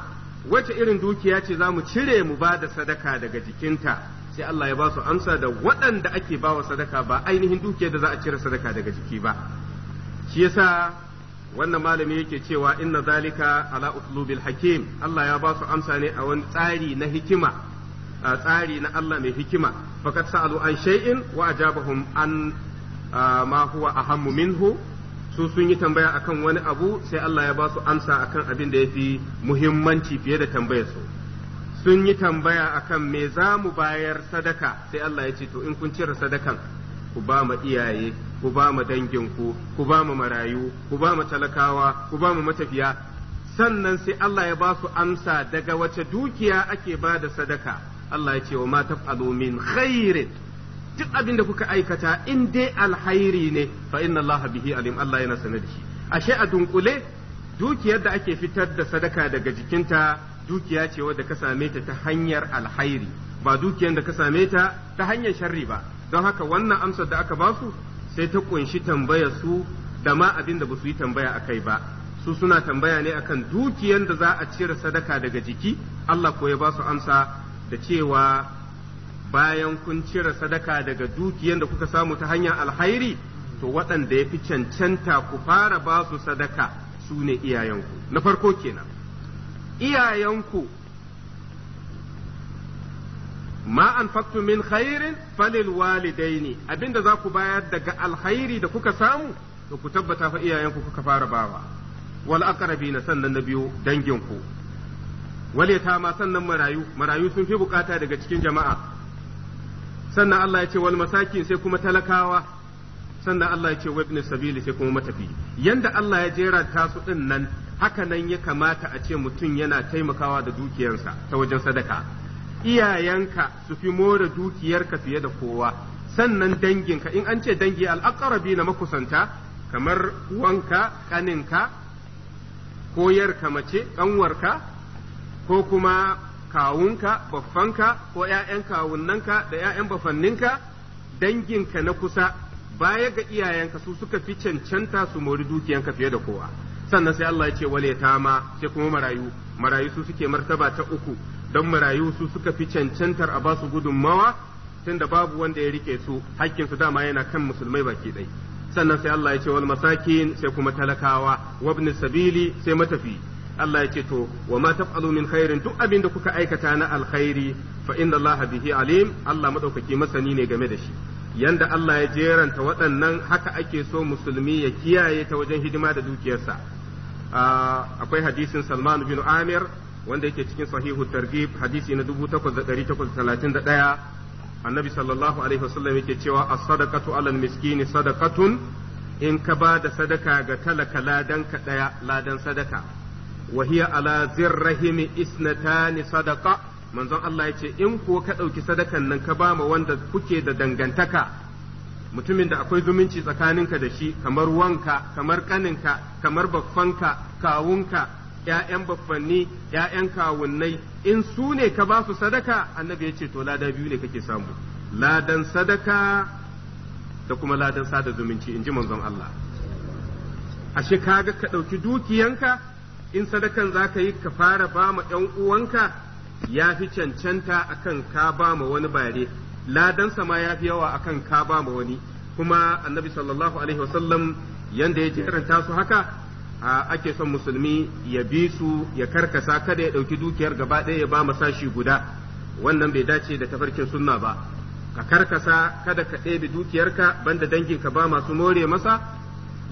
wace irin dukiya ce za mu cire mu ba da sadaka daga jikinta sai Allah ya ba su amsa da waɗanda ake ba wa sadaka ba ainihin dukiyar da za a cire sadaka daga jiki ba shi yasa wannan malami yake cewa inna zalika ala uslubil hakim Allah ya ba su amsa ne a wani tsari na hikima a tsari na Allah mai hikima fakat sa'alu an shay'in wa ajabahum an ma huwa ahammu minhu su sun yi tambaya akan wani abu sai Allah ya ba su amsa akan abin da yafi muhimmanci fiye da tambayar su sun yi tambaya akan me za mu bayar sadaka sai Allah ya ce to in kun cire sadakan ku ba mu iyaye ku ba mu danginku ku ba mu marayu ku ba mu talakawa ku ba mu matafiya sannan sai Allah ya ba su amsa daga wace dukiya ake ba da sadaka Allah ya ce wa ma taf'alu min khairin duk abin da kuka aikata in dai alhairi ne fa inna Allah bihi alim Allah yana sanar da shi ashe a dunkule dukiyar da ake fitar da sadaka daga jikinta dukiya ce wadda ka same ta ta hanyar alhairi ba dukiyar da ka same ta ta hanyar sharri ba don haka wannan amsar da aka ba su sai ta kunshi tambaya su da ma abin da ba su yi tambaya a kai ba su suna tambaya ne akan dukiyar da za a cire sadaka daga jiki Allah ko ya ba su amsa da cewa bayan kun cire sadaka daga dukiyar da kuka samu ta hanyar alhairi to waɗanda ya fi cancanta ku fara ba su sadaka su ne iyayenku na farko kenan iyayenku ma an min khairin falil walidaini abinda za ku bayar daga alhairi da kuka samu to ku tabbata fa iyayenku kuka fara bawa wal aqrabina sannan na biyu danginku wale ma sannan marayu marayu sun fi bukata daga cikin jama'a sannan Allah ya ce wal masakin sai kuma talakawa sannan Allah ya ce wa ibn sabili sai kuma matafi yanda Allah ya jera ta su din nan haka nan ya kamata a ce mutum yana taimakawa da dukiyarsa ta wajen sadaka iyayenka su fi more dukiyarka fiye da kowa sannan danginka in an ce dangi al'akarabi na makusanta kamar wanka kaninka koyarka mace kanwarka ko kuma kawunka baffanka ko ‘ya'yan kawunanka da ‘ya'yan bafanninka danginka na kusa baya ga iyayenka su suka fi cancanta su mori dukiyanka fiye da kowa sannan sai Allah ya ce wale tama sai kuma marayu marayu su suke martaba ta uku don marayu su suka fi cancantar a basu gudunmawa tunda babu wanda ya rike su hakkin dama yana kan musulmai baki ɗai sannan sai Allah ya ce wal masakin sai kuma talakawa wabni sabili sai matafi Allah ya ce to wa ma taf'alu min khairin duk abin da kuka aikata na alkhairi fa inna Allah bihi alim Allah madaukaki masani ne game da shi yanda Allah ya jeranta waɗannan haka ake so musulmi ya kiyaye ta wajen hidima da dukiyarsa akwai hadisin Salman bin Amir wanda yake cikin sahihu targhib hadisi na 8831 annabi sallallahu alaihi wasallam yake cewa as-sadaqatu alal miskini sadaqatun in ka ba da sadaka ga talaka ladan ka daya ladan sadaka wa hiya ala zirrahimi sadaka, sadaqa manzon Allah yace in ko ka dauki sadakan nan ka ba ma wanda kuke da dangantaka mutumin da akwai zumunci tsakaninka da shi kamar wanka kamar kaninka kamar baffanka kawunka ‘ya'yan baffanni ‘ya'yan kawunnai in su ne ka ba su sadaka annabi ya ce to lada biyu ne kake samu ladan sadaka da kuma ladan sada zumunci in ji manzon Allah ashe kaga ka ɗauki dukiyanka in sadakan za ka yi ka fara ba ma ‘yan uwanka ya fi cancanta a kan ka ba ma wani bare ladansa ma ya fi yawa a kan ka ba ma wani kuma annabi sallallahu alaihi wasallam yadda ya karanta su haka ake son musulmi ya bi su ya karkasa kada ya ɗauki dukiyar gaba ɗaya ya ba ma sashi guda wannan bai dace da tafarkin sunna ba ka karkasa kada ka ɗebe dukiyarka banda dangin ka ba masu more masa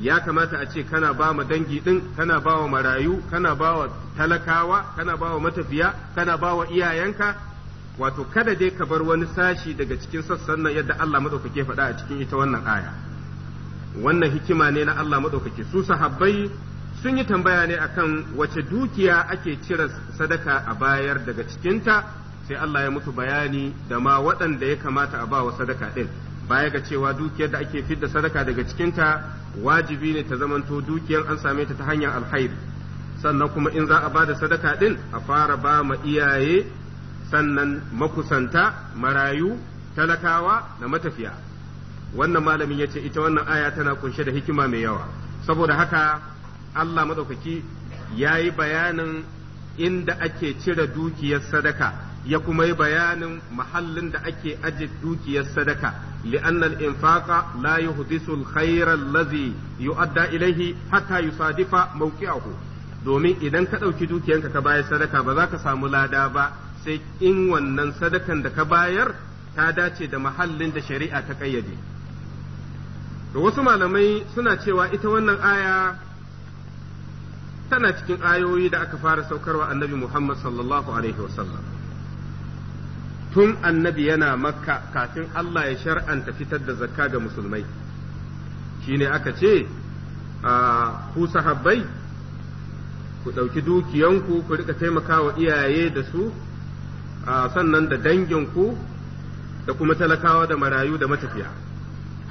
ya kamata a ce kana ba ma dangi ɗin kana ba wa marayu kana ba wa talakawa kana ba wa matafiya kana ba wa iyayenka wato kada dai ka bar wani sashi daga cikin sassan nan yadda Allah madaukake faɗa a cikin ita wannan aya wannan hikima ne na Allah madaukake su sahabbai sun yi tambaya ne akan wace dukiya ake cire sadaka a bayar daga cikinta sai Allah ya mutu bayani da ma waɗanda ya kamata a ba wa sadaka ɗin baya ga cewa dukiyar da ake fidda sadaka daga cikinta wajibi ne ta zamanto dukiyar an same ta ta hanyar alkhairi sannan kuma in za a ba da sadaka din a fara ba ma iyaye sannan makusanta marayu talakawa da matafiya wannan malamin ya ce ita wannan aya tana kunshe da hikima mai yawa saboda haka Allah maɗaukaki ya yi bayanin inda ake cire dukiyar sadaka ya kuma yi bayanin mahallin da ake aje dukiyar sadaka li'annal infaqa la yuhdisu al allazi yu'adda ilayhi hatta yusadifa mawqi'ahu domin idan ka ɗauki dukiyanka ka bayar sadaka ba za ka samu lada ba sai in wannan sadakan da ka bayar ta dace da mahallin da shari'a ta kayyade da wasu malamai suna cewa ita wannan aya tana cikin ayoyi da aka fara saukarwa annabi Muhammad sallallahu alaihi wasallam tun annabi yana makka kafin Allah ya shar'anta fitar da zakka ga musulmai shi ne aka ce a ah, ku sahabbai ku ɗauki dukiyanku ku rika taimakawa iyaye da su ah, sannan da danginku da kuma talakawa da marayu da matafiya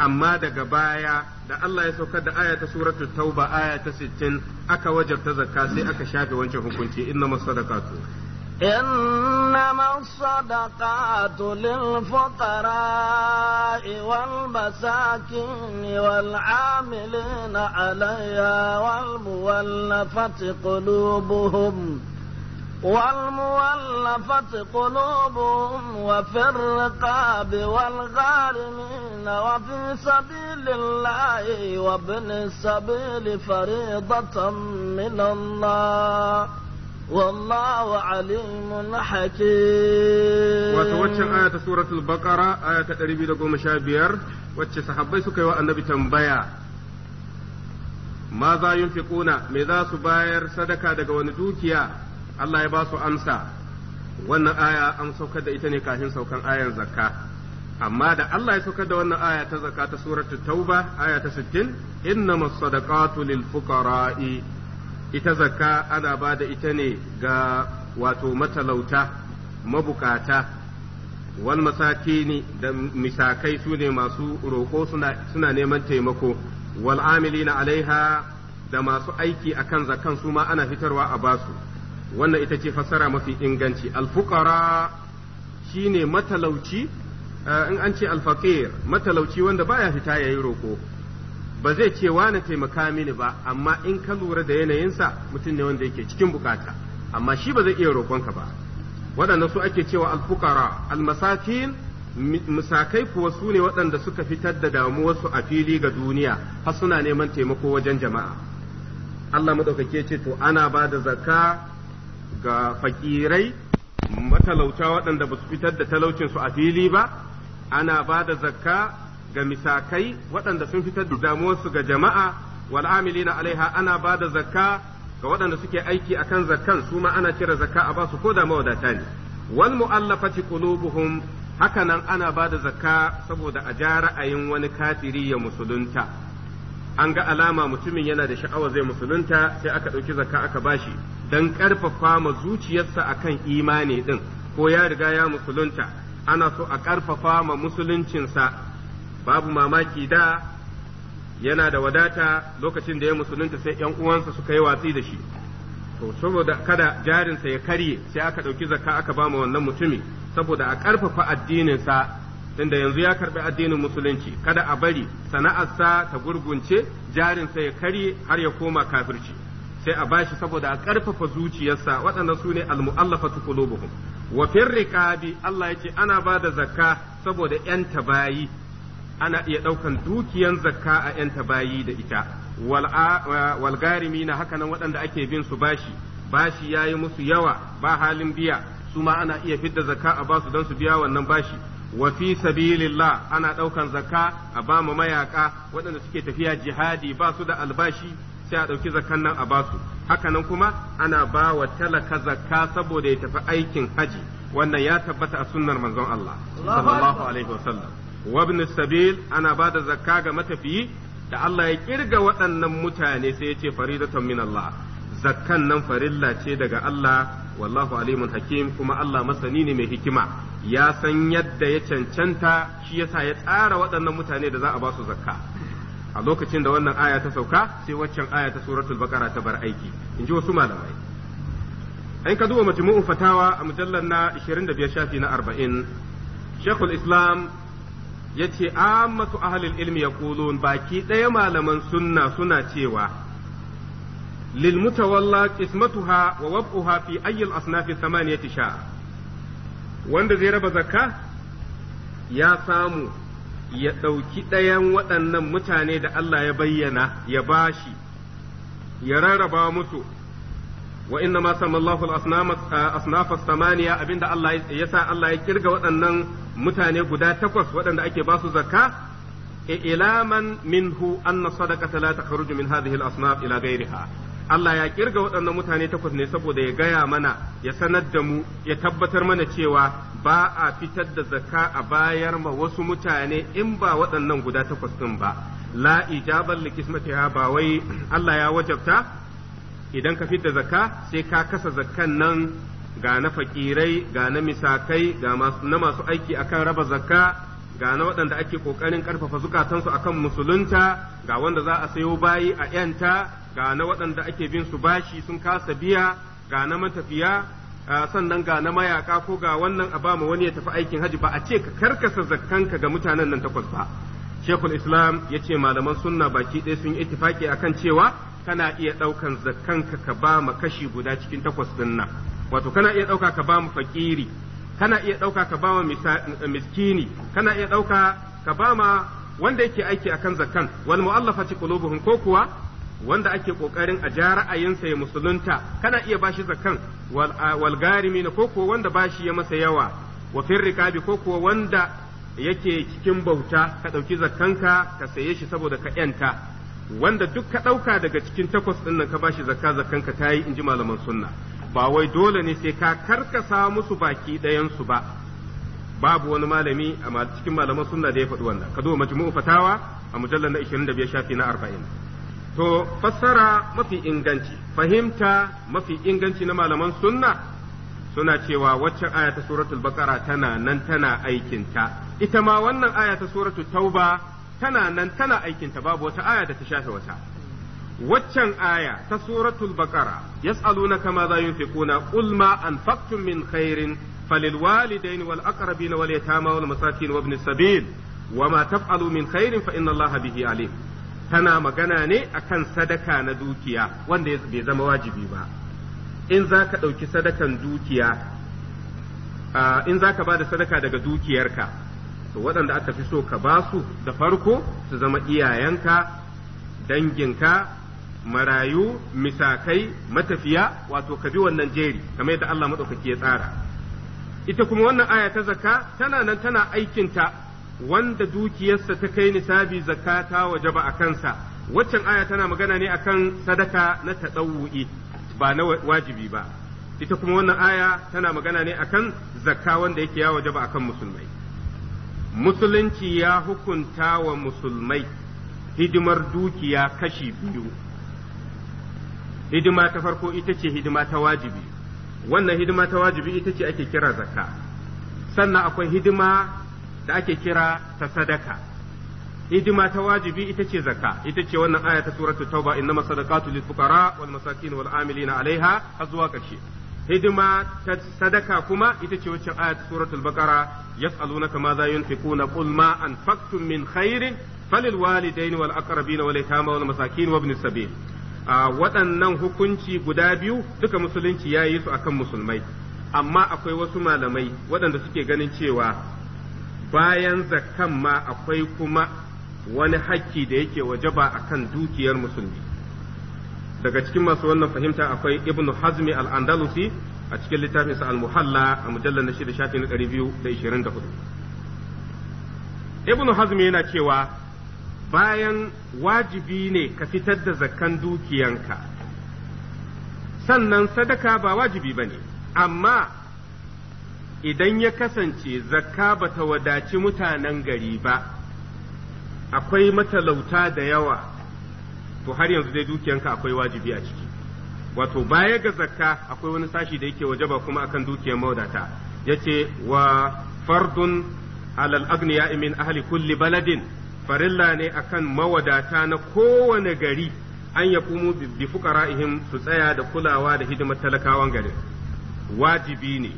amma daga baya da Allah ya saukar da aya ta suratul tauba aya ta 60 aka wajabta zakka sai aka shafe wancan hukunci inna masadaqatu إنما الصدقات للفقراء والمساكين والعاملين عليها والمولفة قلوبهم والمولفة قلوبهم وفي الرقاب والغارمين وفي سبيل الله وابن السبيل فريضة من الله والله عليم حكيم وتوجه آية سورة البقرة آية تقريبا قوم شابير wacce sahabbai suka yi wa annabi tambaya Maza za yunfiquna me za su bayar sadaka daga wani dukiya Allah ya ba su amsa wannan aya an saukar da ita ne kafin saukan ayan zakka amma da Allah ya saukar da wannan aya ta zakka ta suratul tauba aya ta 60 innamas sadaqatu lil fuqara'i ita zakka ana ba da ita ne ga wato matalauta mabukata wal masakini da misakai su ne masu roƙo suna neman taimako wal amilina alaiha da masu aiki akan zakkan su ma ana fitarwa a basu wannan ita ce fassara mafi inganci alfukara shine matalauci eh, in an ce alfaqir matalauci wanda baya fita ya yi roƙo ba zai ce taimaka mini ba amma in ka lura da yanayinsa mutum ne wanda yake cikin bukata amma shi ba zai iya roƙonka ba waɗanda su ake cewa alfukara almasakin musakai kuwa su ne waɗanda suka fitar da damuwarsu a fili ga duniya har suna neman taimako wajen jama'a Allah maɗaukake ce to ana ba da zakka ga fakirai matalauta waɗanda ba su fitar da talaucinsu a fili ba ana ba da zakka ga misakai waɗanda sun fitar da damuwarsu ga jama'a wal amilina alaiha ana ba da zakka ga waɗanda suke aiki akan zakkan su ma ana cire zakka a basu ko da mawadata ne wal mu'allafati qulubuhum hakanan ana ba da zakka saboda a ja ra'ayin wani kafiri ya musulunta an ga alama mutumin yana da sha'awa zai musulunta sai aka ɗauki zakka aka bashi dan ƙarfafa ma zuciyarsa akan imani ɗin ko ya riga ya musulunta ana so a ƙarfafa ma musuluncinsa babu mamaki da yana da wadata lokacin da ya musulunta sai ‘yan uwansa suka yi watsi da shi to saboda kada jarinsa ya karye sai aka ɗauki zakka aka ba mu wannan mutumi saboda a ƙarfafa addininsa tunda yanzu ya karɓi addinin musulunci kada a bari sana'arsa ta gurgunce jarinsa ya karye har ya koma kafirci sai a bashi saboda a ƙarfafa zuciyarsa waɗannan sune ne almu'allafatu qulubuhum wa fir riqabi Allah yace ana ba da zakka saboda ‘yan tabayi ana iya ɗaukan dukiyan zakka a ‘yanta bayi da ita, walgarimi na hakanan waɗanda ake bin su bashi, bashi ya yi musu yawa ba halin biya, su ma ana iya fidda zakka a basu don su biya wannan bashi. wa fi sabilillah ana ɗaukan zakka a ba mu mayaka waɗanda suke tafiya jihadi ba su da albashi sai a ɗauki zakkan nan a basu hakanan kuma ana ba wa talaka zakka saboda ya tafi aikin haji wannan ya tabbata a sunnar manzon Allah sallallahu alaihi wasallam wabin sabil ana ba da zakka ga matafiyi da Allah ya kirga waɗannan mutane sai ya ce faridatan min Allah zakkan nan farilla ce daga Allah wallahu alimun hakim kuma Allah masani ne mai hikima ya san yadda ya cancanta shi yasa ya tsara waɗannan mutane da za a ba su zakka a lokacin da wannan aya ta sauka sai waccan aya ta suratul baqara ta bar aiki in ji wasu malamai an ka duba majmu'un fatawa a mujallar na 25 shafi na 40 shekul islam yace ammatu ahlil ilmi yaqulun baki ɗaya malaman sunna suna cewa lil mutawalla qismatuha wa wab'uha fi ayyi al-asnaf thamaniyati sha wanda zai raba zakka ya samu ya ɗauki ɗayan waɗannan mutane da Allah ya bayyana ya bashi ya rarraba musu wa inna ma samallahu al uh, asnafa samaniya abinda Allah ya sa Allah ya kirga waɗannan mutane guda takwas waɗanda ake ba su zakka ilaman minhu anna sadaqata la takhruju min hadhihi al-asnaf ila ghayriha Allah ya kirga waɗannan mutane takwas ne saboda ya gaya mana ya sanar da mu ya tabbatar mana cewa ba a fitar da zakka a bayar ma wasu mutane in ba waɗannan guda takwas ɗin ba la ijabar likismatiha ba wai Allah ya wajabta idan ka fidda zakka sai ka kasa zakkan nan ga na fakirai ga na misakai ga na masu aiki akan raba zakka ga na waɗanda ake ƙoƙarin ƙarfafa zukatansu akan musulunta ga wanda za a sayo bayi a ‘yanta ga na waɗanda ake bin su bashi sun kasa biya ga na matafiya sannan ga na mayaka ko ga wannan a bama wani ya tafi aikin haji ba a ce ka karkasa zakkanka ga mutanen nan takwas ba shekul islam ya ce malaman sunna baki ɗaya sun yi ittifaki akan cewa kana iya ɗaukan zakanka ka ba ma kashi guda cikin takwas ɗin nan wato kana iya ɗauka ka ba mu fakiri kana iya ɗauka ka ba miskini kana iya ɗauka ka ba ma wanda yake aiki akan zakkan wal mu'allafati qulubuhum ko kuwa wanda ake kokarin a ja ra'ayinsa ya musulunta kana iya bashi zakan wal garimi ko kuwa wanda bashi ya masa yawa wa firrikabi ko kuwa wanda yake cikin bauta ka ɗauki zakkanka ka saye shi saboda ka yanta wanda duk ka ɗauka daga cikin takwas ɗin nan ka bashi zakka zakkanka ta yi in ji malaman sunna ba wai dole ne sai ka karkasa musu baki ɗayansu ba babu wani malami a cikin malaman sunna da ya faɗi wannan ka duba majmu'u fatawa a mujallar na 25 shafi na 40 to fassara mafi inganci fahimta mafi inganci na malaman sunna suna cewa waccan aya ta suratul baqara tana nan tana aikinta ita ma wannan aya ta suratul tauba tana nan tana aikinta babu wata aya da ta shafe wata waccan aya ta suratul baqara yas'alunaka ma za yunfiquna qul ma anfaqtum min khairin فللوالدين والأقربين واليتامى والمساكين وابن السبيل وما min من fa inna Allaha bihi Alim tana magana ne akan sadaka na dukiya wanda bai zama wajibi ba in za ka ɗauki sadakan dukiya in za ka ba da sadaka daga dukiyarka to waɗanda aka fi so ka ba su da farko su zama iyayenka danginka marayu misakai matafiya wato ka bi wannan jeri kamar yadda Allah maɗaukaki ya tsara ita kuma wannan aya ta zakka tana nan tana aikinta wanda dukiyarsa ta kai nisabi zakka ta ba a kansa waccan aya tana magana ne akan sadaka na taɗawu'i ba na wajibi ba ita kuma wannan aya tana magana ne akan zakka wanda yake ya wajaba akan musulmai musulunci ya hukunta wa musulmai hidimar dukiya kashi biyu hidima ta farko ita ce hidima ta wajibi wannan hidima ta wajibi ita ce ake kira zakka sannan akwai hidima da ake kira ta sadaka hidima ta wajibi ita ce zakka ita ce wannan aya ta suratul tauba innama sadaqatu lil fuqara wal masakin wal amilina alaiha har zuwa ƙarshe hidima ta sadaka kuma ita ce wacce ayat suratul baqara yas'alunaka ma za yunfiquna qul ma anfaqtum min khairin falil walidayni wal aqrabin wal yatama wal masakin wa ibnis sabil ah, waɗannan hukunci guda biyu duka musulunci ya yi su akan musulmai amma akwai wasu malamai waɗanda suke ganin cewa bayan zakkan ma akwai kuma wani hakki da yake wajaba akan dukiyar musulmi daga cikin masu wannan fahimta akwai ibnu hazmi al-andalusi a cikin littafinsa al-muhalla a mujallar na shida shafi na ɗari biyu da ishirin da hudu ibnu hazmi yana cewa bayan wajibi ne ka fitar da zakkan dukiyanka sannan sadaka ba wajibi ba ne amma idan ya kasance zakka ba ta wadaci mutanen gari ba akwai matalauta da yawa to har yanzu dai dukiyanka akwai wajibi a ciki wato baya ga zakka akwai wani sashi da yake wajaba kuma akan dukiyar maudata yace wa fardun alal agniya min ahli kulli baladin farilla ne akan mawadata na kowane gari an ya kumu bi fuqara'ihim su tsaya da kulawa da hidimar talakawan garin wajibi ne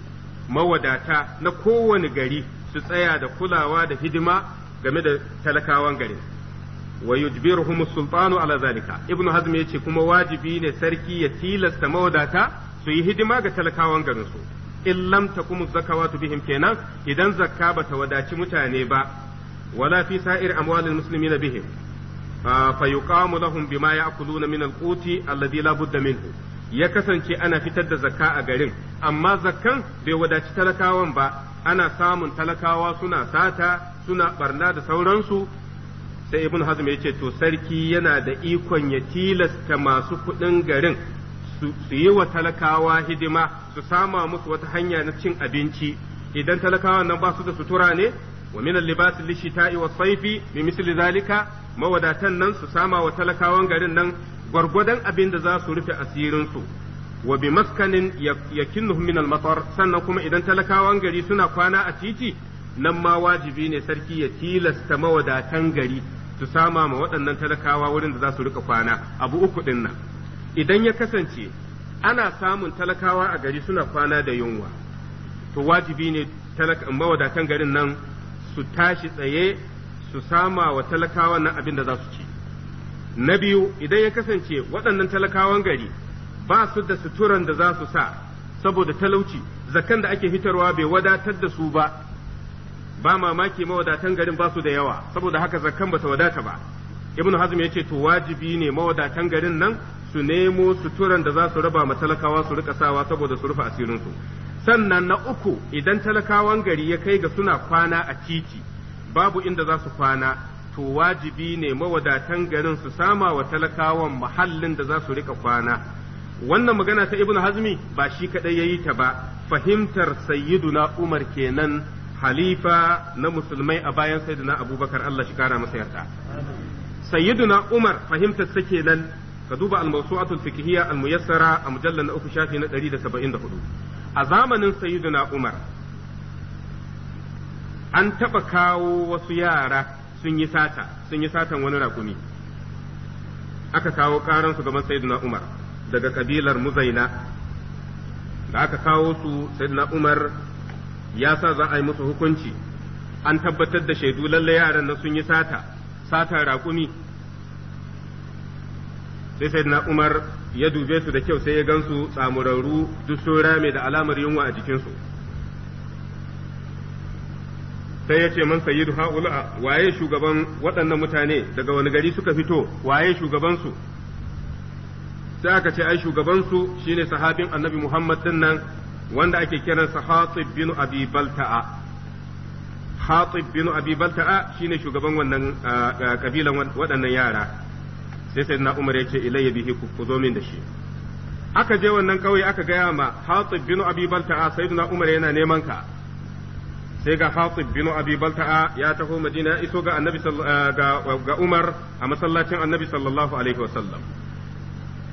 mawadata na kowane gari su tsaya da kulawa da hidima game da talakawan garin wa yujbiruhum sultanu ala zalika ibnu hazm ce kuma wajibi ne sarki ya tilasta mawadata su yi hidima ga talakawan garinsu. su in lam takum zakawatu kenan idan zakka bata wadaci mutane ba wala fi sa'ir amwalil muslimin bihim fa yuqamu lahum bima ya'kuluna min al-quti alladhi la budda minhu ya kasance ana fitar da zakka a garin amma zakkan bai wadaci talakawan ba ana samun talakawa suna sata suna ɓarna da sauransu sai ibn hazm ya ce to sarki yana da ikon ya tilasta masu kuɗin garin su yi wa talakawa hidima su sama musu wata hanya na cin abinci idan talakawa nan ba su da sutura ne wa min al-libas lishita'i wa sayfi bi misli zalika mawadatan nan su sama wa talakawan garin nan gwargwadon abin da za su rufe asirin su wa bi maskanin yakinnuhum min al-matar sannan kuma idan talakawan gari suna kwana a titi nan ma wajibi ne sarki ya tilasta mawadatan gari su sama ma waɗannan talakawa wurin da za su rika kwana abu uku ɗin nan idan ya kasance ana samun talakawa a gari suna kwana da yunwa to wajibi ne mawadatan garin nan su tashi tsaye su sama wa talakawa na abin da za su ci na biyu idan ya kasance waɗannan talakawan gari ba su da suturan da za su sa saboda talauci zakan da ake fitarwa bai wadatar da su ba ba mamaki mawadatan garin ba su da yawa saboda haka zakkan bata wadata ba ibn hazm ya ce to wajibi ne mawadatan garin nan su nemo suturan da za su raba ma talakawa su rika sawa saboda su rufe asirin su sannan na uku idan talakawan gari ya kai ga suna kwana a titi babu inda za su kwana to wajibi ne mawadatan garin su sama wa talakawan mahallin da za su rika kwana wannan magana ta ibn hazmi ba shi kadai yayi ta ba fahimtar sayyiduna umar kenan halifa na musulmai a bayan sayyidina abubakar Allah shi kara masa yarda sayyidina umar fahimtar take nan ka duba al-mawsu'atul fiqhiyya al a mujallal na uku shafi na 174 a zamanin sayyidina umar an taba kawo wasu yara sun yi sata sun yi satan wani rakumi aka kawo karan su gaban sayyidina umar daga kabilar muzaina da aka kawo su sayyidina umar ya sa za a yi musu hukunci an tabbatar da shaidu lalle yaran na sun yi sata sata raƙumi sai sai na umar ya dube su da kyau sai ya gansu tsamurarru duk sun rame da alamar yunwa a jikinsu sai ya ce man sayidu ha'ula waye shugaban waɗannan mutane daga wani gari suka fito waye shugabansu sai aka ce ai shugabansu shine sahabin annabi muhammad din nan wanda ake kiransa Hatib bin Abi Balta'a Hatib bin Abi Balta'a shine shugaban wannan kabilan waɗannan yara sai sai na Umar yace ilayya bihi ku zo min da shi aka je wannan kauye aka gaya ma Hatib bin Abi Balta'a sayyidina Umar yana neman ka sai ga Hatib bin Abi Balta'a ya taho Madina ya iso ga Annabi ga Umar a masallacin Annabi sallallahu alaihi wasallam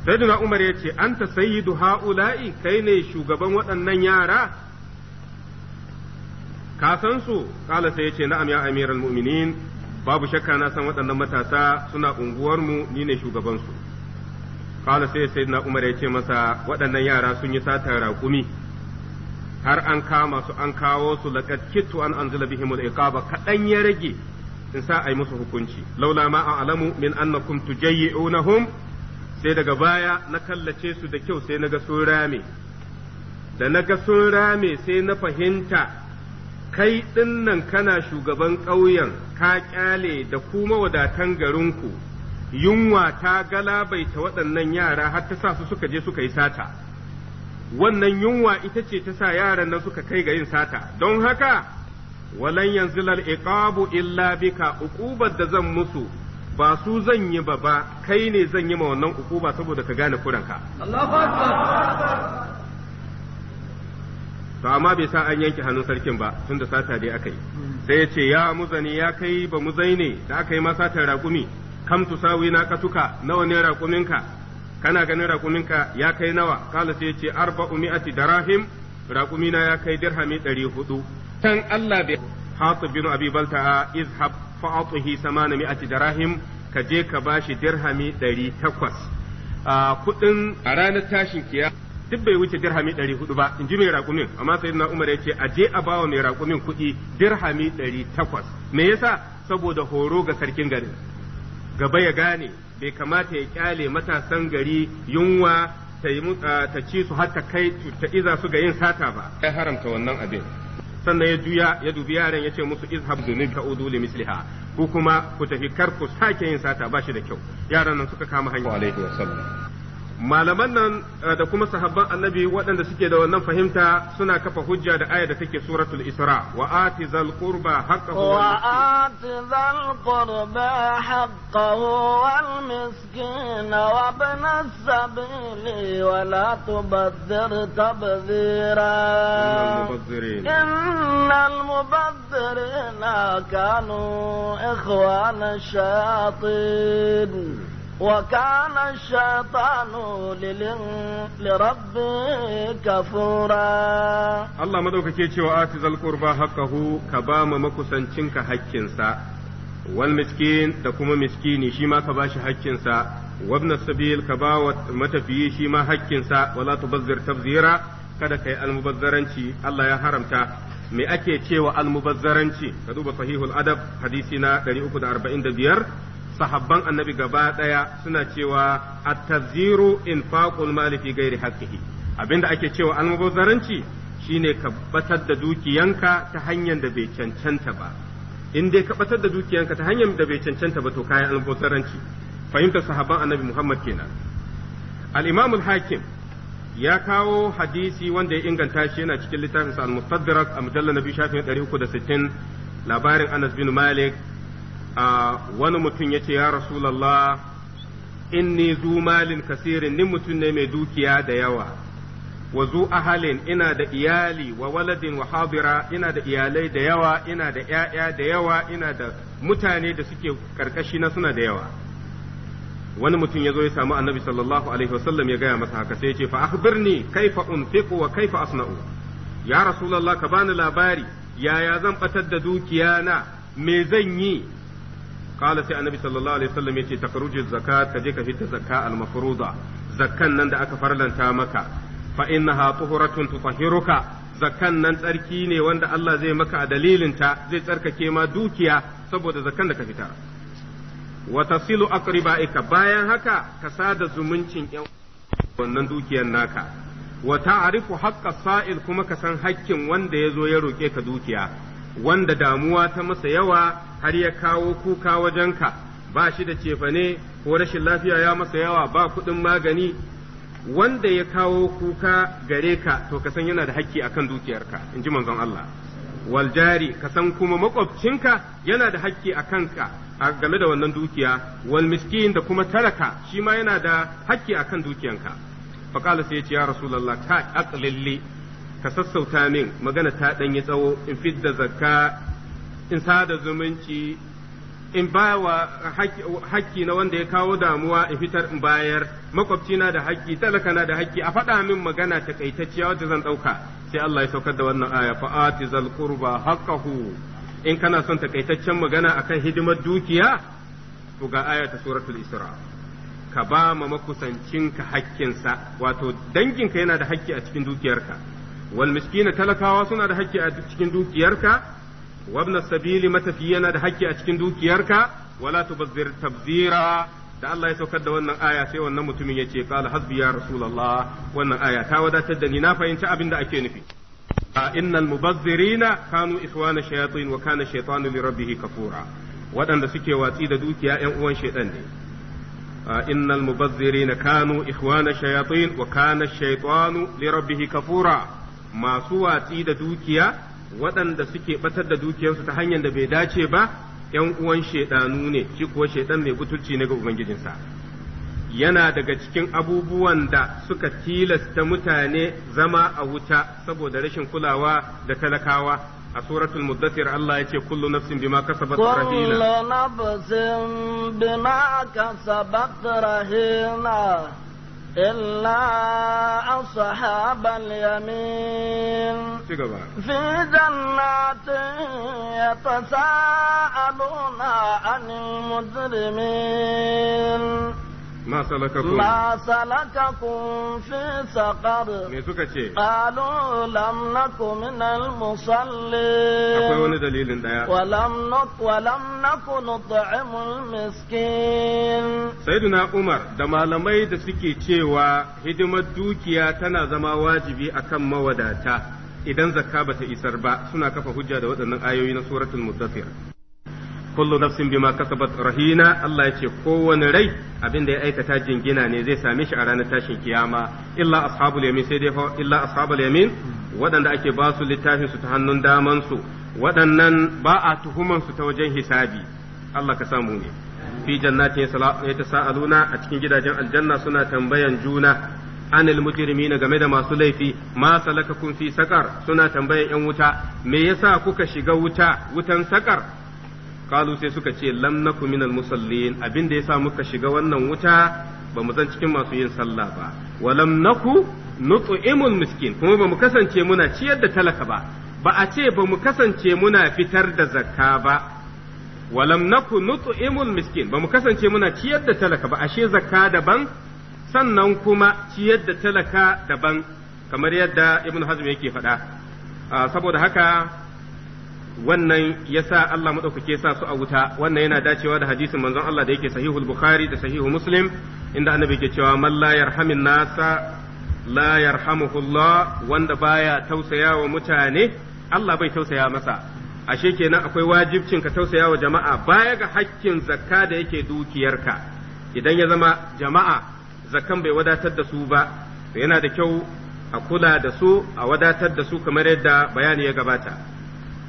na umar ya ce anta sayyidu ha'ula'i kai ne shugaban waɗannan yara ka san su kala sai ya ce na'am ya amiral mu'minin babu shakka na san waɗannan matasa suna unguwarmu ni ne shugabansu. su kala sai umar ya masa waɗannan yara sun yi satar raƙumi har an kama su an kawo su laqad kittu an anzila al iqaba kadan ya rage in sa ai musu hukunci laula ma a'lamu min annakum tujayyi'unahum sai daga baya na kallace su da kyau sai na ga sun rame da na ga sun rame sai na fahimta kai ɗinnan kana shugaban ƙauyen ka ƙyale da kuma wadatan garinku yunwa ta galabaita waɗannan yara har ta sa su suka je suka yi sata wannan yunwa ita ce ta sa yaran nan suka kai ga yin sata don haka walan yanzu lal iqabu illa bika uqubar da zan musu ba su zan yi ba ba kai ne zan yi ma wannan uku ba saboda ka gane kuranka to amma bai sa an yanke hannun sarkin ba tun da sata dai aka yi hmm. sai ya ce ya muzani ya kai ba muzai ne da aka yi ma sata raƙumi kam tusawi na katuka nawa ne raƙuminka kana ganin raƙuminka ya kai nawa kala sai ya ce arba'u mi'ati darahim raƙumina ya kai dirhami ɗari hudu can Allah bai Hatib bin Abi Balta'a izhab fa'atuhi samana mi'ati dirahim ka je ka bashi dirhami 800 kudin a ranar tashin kiya duk bai wuce dirhami 400 ba in ji mai raƙumin amma na Umar ya ce a je a bawa mai raƙumin kuɗi dirhami 800 me yasa saboda horo ga sarkin gari. gaba ya gane bai kamata ya kyale matasan gari yunwa ta ci su har ta kai ta iza su ga yin sata ba ya haramta wannan abin sannan ya juya ya dubi yaran ya ce musu izhab ka udu li misliha ko kuma ku tafi kar ku sake yin sata ba shi da kyau yaran nan suka kama hanya alaihi wasallam malaman nan da kuma sahabban annabi waɗanda suke da wannan fahimta suna kafa hujja da aya da take suratul isra wa ati zal qurba haqqahu wa ati zal qurba haqqahu wal miskin wa ibn as-sabil wa la tubadhir tabdhira innal mubadhirina kanu ikhwana shayatin وكان الشيطان لربه كفورا الله ما دوك كيتشي وآتي ذا القربى حقه كبام مكسنشنك حكينسا والمسكين دكما مسكيني شيما كباش حكينسا وابن السبيل كباوة متفي شيما حكينسا ولا تبذر تبذيرا kada kai almubazzaranci Allah ya haramta me ake cewa almubazzaranci ka duba sahihul adab hadisi na 345 sahabban annabi gaba ɗaya suna cewa at-tazyiru infaqul mali fi ghairi haqqihi abinda ake cewa almubazzaranci shine ka batar da dukiyanka ta hanyar da bai cancanta ba in dai ka batar da dukiyanka ta hanyar da bai cancanta ba to kayan almubazzaranci fahimta sahabban annabi Muhammad kenan al-imam hakim ya kawo hadisi wanda ya inganta shi yana cikin littafinsa al-mustadrak a mujallal nabi shafi 360 labarin Anas bin Malik wani mutum ya ce ya rasulallah inni zu malin kasirin ni mutum ne mai dukiya da yawa wa zu ahalin ina da iyali wa waladin wa habira ina da iyalai da yawa ina da ‘ya'ya da yawa ina da mutane da suke karkashi na suna da yawa wani mutum ya zo ya samu annabi sallallahu alaihi wasallam ya gaya masa haka sai ya ce fa akhbirni kaifa unfiqu wa kaifa asna'u ya rasulullah ka bani labari yaya zan batar da dukiya na me zan yi qala sai annabi sallallahu alaihi wasallam yace takhruju zakat kaje ka fita zakka al mafruza nan da aka farlanta maka fa innaha tuhuratun tutahhiruka zakkan nan tsarki ne wanda Allah zai maka a ta zai tsarkake ma dukiya saboda zakan da ka fitar wa tasilu aqribaika bayan haka ka sada zumuncin yan wannan dukiyan naka wa ta'rifu haqqa sa'il kuma ka san haƙƙin wanda ya zo ya roƙe ka dukiya wanda damuwa ta masa yawa har ya kawo kuka wajenka ba shi da cefane ko rashin lafiya ya masa yawa ba kuɗin magani wanda ya kawo kuka gare ka to ka san yana da hakki akan dukiyarka in ji manzon Allah wal jari ka san kuma makwabcinka yana da hakki akan ka a game da wannan dukiya wal miskin da kuma taraka shi ma yana da hakki akan dukiyanka qala sai ya ce ya rasulullah ka aqlilli ka sassauta min magana ta ɗanyi tsawo in fidda zakka in sada zumunci in bawa haƙƙi na wanda ya kawo damuwa in fitar in bayar makwabcina da hakki talaka na da hakki a faɗa min magana takaitacciya wacce zan ɗauka sai Allah ya saukar da wannan aya fa atizal qurba haqqahu in kana son takaitaccen magana akan hidimar dukiya to ga aya ta suratul isra ka ba ma makusancinka hakkinsa wato danginka yana da hakki a cikin dukiyarka wal miskina talakawa suna da hakki a cikin dukiyarka wabna sabili matafiya yana da hakki a cikin dukiyarka wala tubazzir da Allah ya saukar da wannan aya sai wannan mutumin ya ce qala hasbi ya rasulullah wannan aya ta wadatar da ni na fahimci abin da ake nufi innal mubazzirina kanu ikhwana shayatin wa kana shaytanu li rabbih kafura waɗanda suke watsi da dukiya ƴan uwan shaytan ne innal mubazzirina kanu ikhwana shayatin wa kana shaytanu li rabbih kafura masu watsi da dukiya waɗanda suke batar da dukiyarsu ta hanyar da bai dace ba ‘yan uwan shaiɗanu ne shi kuwa shaiɗan mai butulci ne ga ubangijinsa yana daga cikin abubuwan da suka tilasta mutane zama a wuta saboda rashin kulawa da talakawa a suratul muddathir Allah ya ce kullu nafsin bima kasabat rahina kullu nafsin bima kasabat rahina Ela sl vijanatụyatasa anụlaanụmtirimen ما سلككم ما سلككم في سقر me suka ce قالوا لم نك من المصلين akwai wani dalilin daya ولم نك ولم نك نطعم المسكين sayyidina Umar da malamai da suke cewa hidimar dukiya tana zama wajibi akan mawadata idan zakka bata isar ba suna kafa hujja da waɗannan ayoyi na suratul muddathir kullu nafsin bima kasabat rahina Allah yace kowane rai abin da ya aikata jingina ne zai same shi a ranar tashin kiyama illa ashabul yamin sai dai fa illa ashabul yamin waɗanda ake ba su littafin su ta hannun daman su waɗannan ba a tuhuman su ta wajen hisabi Allah ka samu ne fi jannatin yatasaaluna a cikin gidajen aljanna suna tambayan juna anil mujrimina game da masu laifi ma salakakum fi sakar suna tambayan yan wuta me yasa kuka shiga wuta wutan sakar Kalu sai suka ce lam naku minal musallin abin da yasa muka shiga wannan wuta ba mu zan cikin masu yin sallah ba wa lam naku nut'imul miskin kuma ba mu kasance muna ciyar da talaka ba ba a ce ba mu kasance muna fitar da zakka ba wa lam naku nut'imul miskin ba mu kasance muna ciyar da talaka ba ashe zakka daban sannan kuma ciyar da talaka daban kamar yadda ibnu hazm yake faɗa ah, saboda haka wannan ya sa Allah madaukake sa su a wuta wannan yana dacewa da hadisin manzon Allah da yake sahihul bukhari da sahihu muslim inda annabi ke cewa man la yarhamin nasa la yarhamuhullah wanda baya tausaya wa mutane Allah bai tausaya masa ashe kenan akwai wajibcin ka tausaya wa jama'a baya ga hakkin zakka da yake dukiyarka idan ya zama jama'a zakkan bai wadatar da su ba yana da kyau a kula da su a wadatar da su kamar yadda bayani ya gabata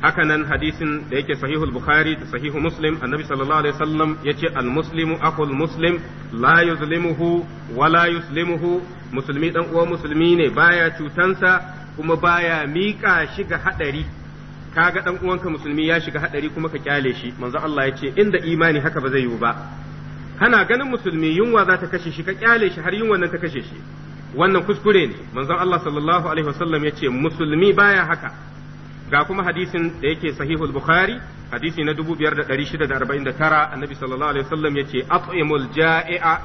haka nan hadisin da yake sahihul bukhari da sahihu muslim annabi sallallahu alaihi wasallam yace al muslimu akhul muslim la yuzlimuhu wa la yuslimuhu musulmi dan uwa musulmi ne baya cutansa kuma baya mika shi ga hadari kaga dan uwanka musulmi ya shiga hadari kuma ka kyale shi manzo Allah yace inda imani haka ba zai yiwu ba kana ganin musulmi yunwa za ta kashe shi ka kyale shi har yunwa nan ta kashe shi wannan kuskure ne manzon Allah sallallahu alaihi wasallam yace musulmi baya haka ga kuma hadisin da yake sahihul bukhari hadisi na 5649 annabi sallallahu alaihi wasallam yace at'imul ja'i'a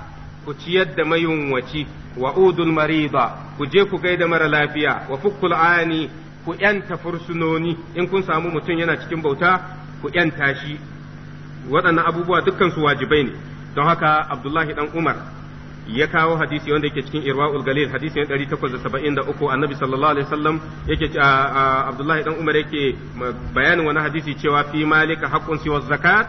ku ciyar da mayunwaci wa udul marida ku je ku gaida mara lafiya wa fukkul ani ku yanta fursunoni in kun samu mutum yana cikin bauta ku yanta shi waɗannan abubuwa dukkan su wajibai ne don haka abdullahi dan umar ya kawo hadisi wanda yake cikin irwaul galil hadisi ne 873 annabi sallallahu alaihi wasallam yake abdullahi dan umar yake bayanin wani hadisi cewa fi malika haqqun siwa zakat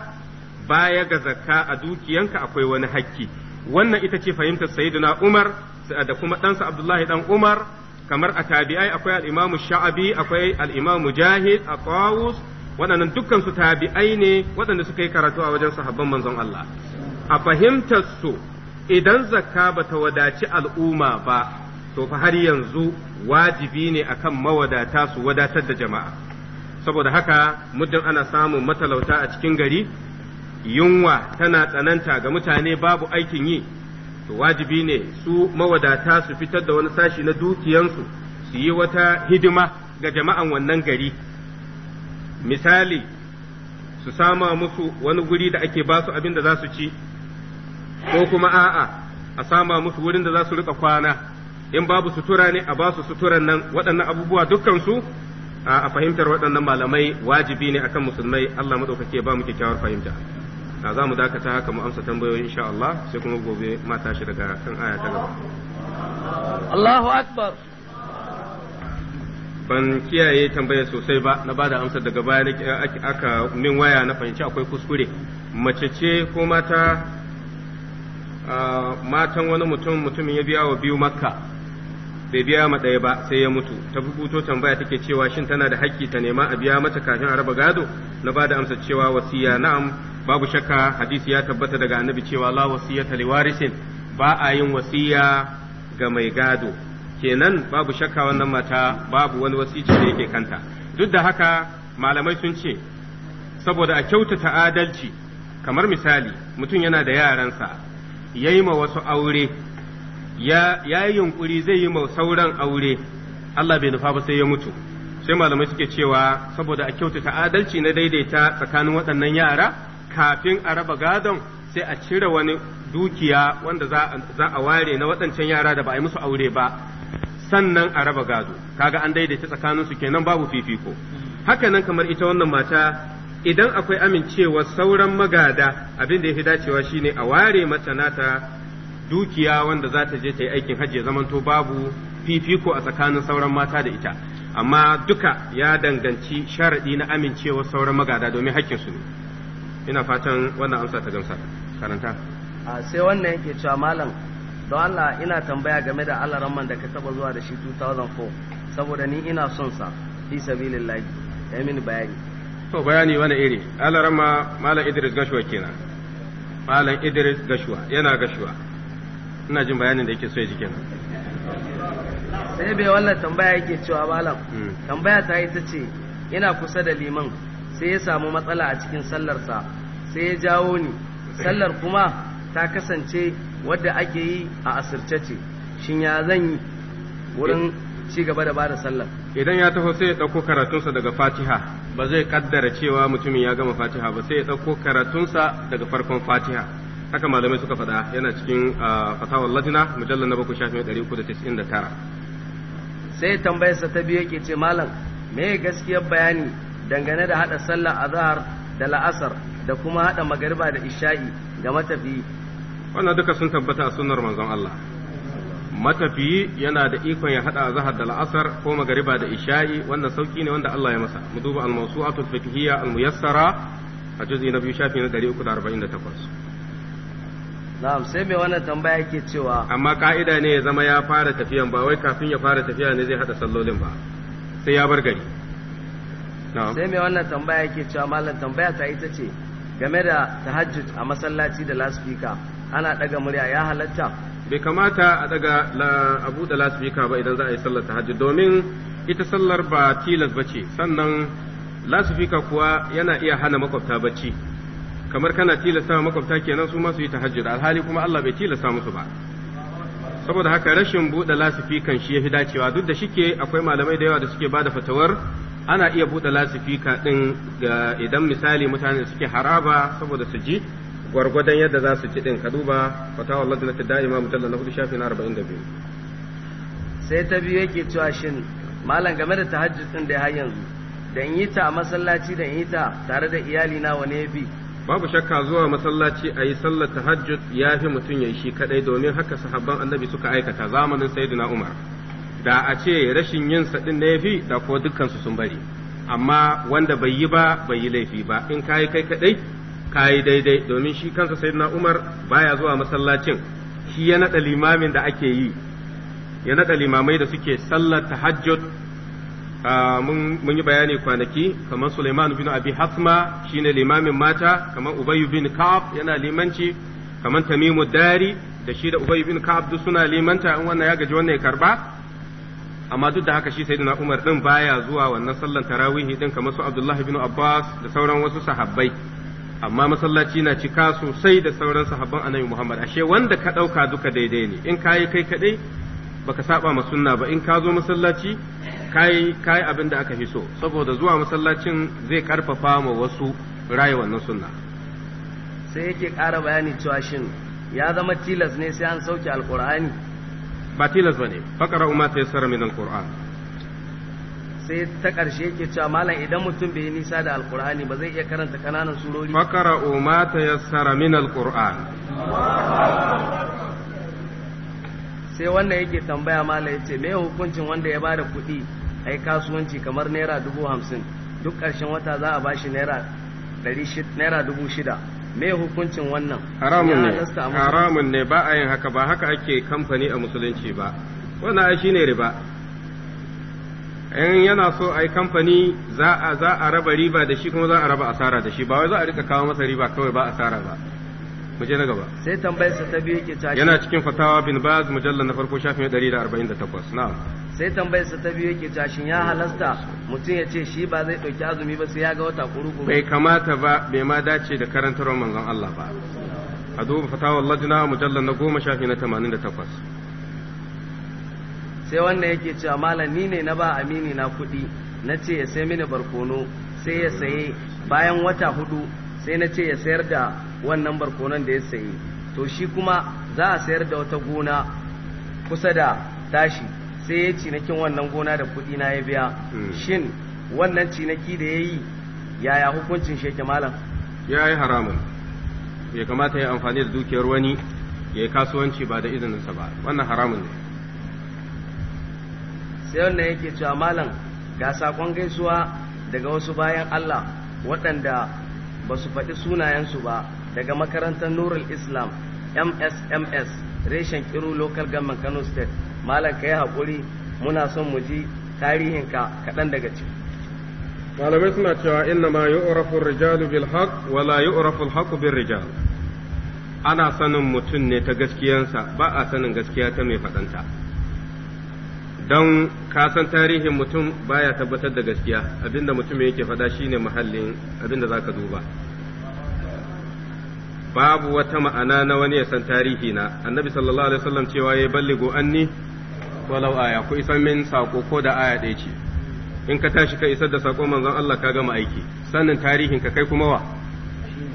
baya ga zakka a dukiyanka akwai wani hakki wannan ita ce fahimtar sayyidina umar da kuma ɗansa abdullahi dan umar kamar a tabi'ai akwai al-imamu sha'abi akwai al-imamu jahid a tawus waɗannan dukkan su tabi'ai ne waɗanda suka yi karatu a wajen sahabban manzon Allah a fahimtar su idan zakka bata wadaci al'umma ba to fa har yanzu wajibi ne akan mawadata su wadatar da jama'a saboda haka muddin ana samun matalauta a cikin gari yunwa tana tsananta ga mutane babu aikin yi to wajibi ne su mawadata su fitar da wani sashi na dukiyansu su yi wata hidima ga jama'an wannan gari misali su sama musu wani guri da ake basu abin da za su ci ko kuma a'a a sama musu wurin da za su rika kwana in babu sutura ne a ba su suturan nan waɗannan abubuwa dukkan su a fahimtar waɗannan malamai wajibi ne akan musulmai Allah madaukake ba mu kyakkyawar fahimta a za mu dakata haka mu amsa tambayoyi insha Allah sai kuma gobe ma tashi daga kan aya ta gaba Allahu akbar ban kiyaye tambayar sosai ba na bada amsar daga baya aka min waya na fahimci akwai kuskure mace ce ko mata matan wani mutum mutumin ya biya wa biyu makka bai biya ma ɗaya ba sai ya mutu ta buto tambaya take cewa shin tana da haƙƙi ta nema a biya mata kafin a raba gado na bada amsa cewa wasiya na'am babu shakka hadisi ya tabbata daga annabi cewa la wasiyata liwarisin ba a yin wasiya ga mai gado kenan babu shakka wannan mata babu wani wasici da yake kanta duk da haka malamai sun ce saboda a kyautata adalci kamar misali mutum yana da yaransa ya yi ma wasu aure ya yi yunkuri zai yi ma sauran aure Allah bai nufa ba sai ya mutu sai malamai suke cewa saboda a kyautata adalci na daidaita tsakanin waɗannan yara kafin a raba gadon sai a cire wani dukiya wanda za a ware na waɗancan yara da ba a yi musu aure ba sannan a raba gado kaga an daidaita tsakaninsu kenan babu fifiko haka nan kamar ita wannan mata idan akwai amincewa sauran magada abin da ya fi dacewa shine a ware mata nata dukiya wanda za ta je ta yi aikin hajji ya zamanto babu fifiko a tsakanin sauran mata da ita amma duka ya danganci sharaɗi na amincewa sauran magada domin su ne ina fatan wannan amsa ta gamsa karanta a sai wannan yake cewa malam don Allah ina tambaya game da ramman da ka taba zuwa da shi 2004 saboda ni ina son sa fi sabilillahi ya mini bayani to bayani wani iri alarama malam idris gashuwa kenan malam idris gashuwa yana gashuwa ina jin bayanin da yake so ya ji kenan sai bai wannan tambaya yake cewa malam hmm. tambaya ta ita ce yana kusa da liman sai ya samu matsala a cikin sallarsa sai ya jawo ni sallar kuma ta kasance wadda ake yi a asirce ce shin ya zan yi wurin ci gaba da bada sallar idan ya taho sai ya ɗauko karatunsa daga fatiha ba zai kaddara cewa mutumin ya gama fatiha ba sai ya ɗauko karatunsa daga farkon fatiha haka malamai suka faɗa yana cikin fatawar lajina mujallar na bakwai shafi ɗari uku da tis'in da tara sai tambayarsa ta biyu yake ce malam me gaskiyar bayani dangane da haɗa sallar azhar da la'asar da kuma haɗa magariba da isha'i ga matafi. wannan duka sun tabbata a sunnar manzon Allah matafiyi yana da ikon ya hada zahar da la'asar ko magariba da isha'i wanda sauki ne wanda Allah ya masa mu duba almasu mawsuatul fiqhiyya al a juz'i na biyu shafi na 348 na'am sai mai wannan tambaya yake cewa amma ka'ida ne ya zama ya fara tafiyan ba wai kafin ya fara tafiya ne zai hada sallolin ba sai ya bar gari sai mai wannan tambaya yake cewa malam tambaya ta ita ce game da tahajjud a masallaci da laspika ana daga murya ya halatta bai kamata a daga a buɗe lasifika ba idan za a yi sallar tahajjud domin ita sallar ba tilas ba ce sannan lasifika kuwa yana iya hana makwabta bacci kamar kana tilasta wa makwabta kenan su yi ta yi tahajjud alhali kuma Allah bai tilasta musu ba saboda haka rashin buɗe lasifikan shi yafi dacewa duk da shike akwai malamai da yawa da suke bada fatawar ana iya buɗe lasifika din ga idan misali mutane suke haraba saboda su ji gwargwadon yadda za su ci din ka duba fatawa ta da'ima mujalla na hudu shafi na 42 sai ta biyu yake cewa shin malam game da tahajjud ɗin da har yanzu da in yi ta a masallaci da in yi ta tare da iyali na wane bi babu shakka zuwa masallaci a yi sallar tahajjud ya fi mutum ya yi shi kadai domin haka sahabban annabi suka aikata zamanin sayyidina umar da a ce rashin yin ɗin ne fi da ko dukkansu sun bari amma wanda bai yi ba bai yi laifi ba in ka yi kai kaɗai? ka yi daidai domin shi kansa sayyidina Umar baya zuwa masallacin shi ya naɗa limamin da ake yi ya naɗa limamai da suke sallar tahajjud mun yi bayani kwanaki kamar Sulaiman bin Abi Hasma shine limamin mata kamar Ubay bin Ka'ab yana limanci kamar Tamimu Dari da shi da Ubay bin Ka'ab duk suna limanta in wannan ya gaji wannan ya karba amma duk da haka shi sayyidina Umar din baya zuwa wannan sallan tarawihi din kamar su Abdullahi bin Abbas da sauran wasu sahabbai amma masallaci na cika sosai da sauran sahabban annabi Muhammad ashe wanda ka ɗauka duka daidai ne in kayi kai kaɗai baka saba ma sunna ba in ka zo masallaci kai kai abin da aka fi so saboda zuwa masallacin zai karfafa ma wasu raye wannan sunna sai yake ƙara bayani cewa shin ya zama tilas ne sai an sauke alqur'ani ba tilas bane fakara umma tayassara min alqur'an sai ta ƙarshe yake cewa malam idan mutum bai nisa da alkur'ani ba zai iya karanta kananan surori fakara o ma ta yassara min alkur'an sai wannan yake tambaya malam yace me hukuncin wanda ya bada kuɗi ai kasuwanci kamar naira dubu hamsin duk ƙarshen wata za a bashi naira naira dubu shida me hukuncin wannan haramun ne haramun ne ba a yin haka ba haka ake kamfani a musulunci ba wannan ai shine riba in yana so a yi kamfani za a za a raba riba da shi kuma za a raba asara da shi ba wai za a rika kawo masa riba kawai ba asara ba mu je na gaba sai tambayar sa ta biyu ke ta yana cikin fatawa bin baz mujallal na farko shafin 148 na'am sai tambayar sa ta biyu ke ta shin ya halasta mutum ya ce shi ba zai dauki azumi ba sai ya ga wata kuru bai kamata ba bai ma dace da karantarwar manzon Allah ba a duba fatawar Lajna mujallal na goma shafi na 88 sai wannan yake cewa malam ni ne na ba amini na kuɗi na ce ya sai mini barkono sai ya saye bayan wata hudu sai na ce ya sayar da wannan barkonon da ya saye to shi kuma za a sayar da wata gona kusa da tashi sai ya cinikin wannan gona da kuɗi na ya biya hmm. shin wannan cinaki da ya yi yaya hukuncin sheke malam ya yi haramun bai kamata ya amfani da dukiyar wani ya yi kasuwanci ba da izininsa ba wannan haramun ne sai wannan yake cewa malam ga sakon gaisuwa daga wasu bayan Allah waɗanda ba su faɗi sunayensu ba daga makarantar nurul islam msms reshen kiru local government kano state malam ka yi haƙuri muna son mu ji ka kaɗan daga ciki malamai suna cewa inna ma yu'rafu rijalu bil haq wala yi yu'rafu haku bil rijal ana sanin mutum ne ta gaskiyansa ba a sanin gaskiya ta mai faɗanta don kasan tarihin mutum baya tabbatar da gaskiya abinda mutum yake faɗa shine muhallin abinda za ka duba babu wata ma'ana na wani ya san tarihi na annabi sallallahu alaihi wasallam cewa ya balligo anni walau aya ku isa min sako ko da aya ɗaya ce in ka tashi ka isar da sako manzon Allah ka gama aiki sannan tarihin ka kai kuma wa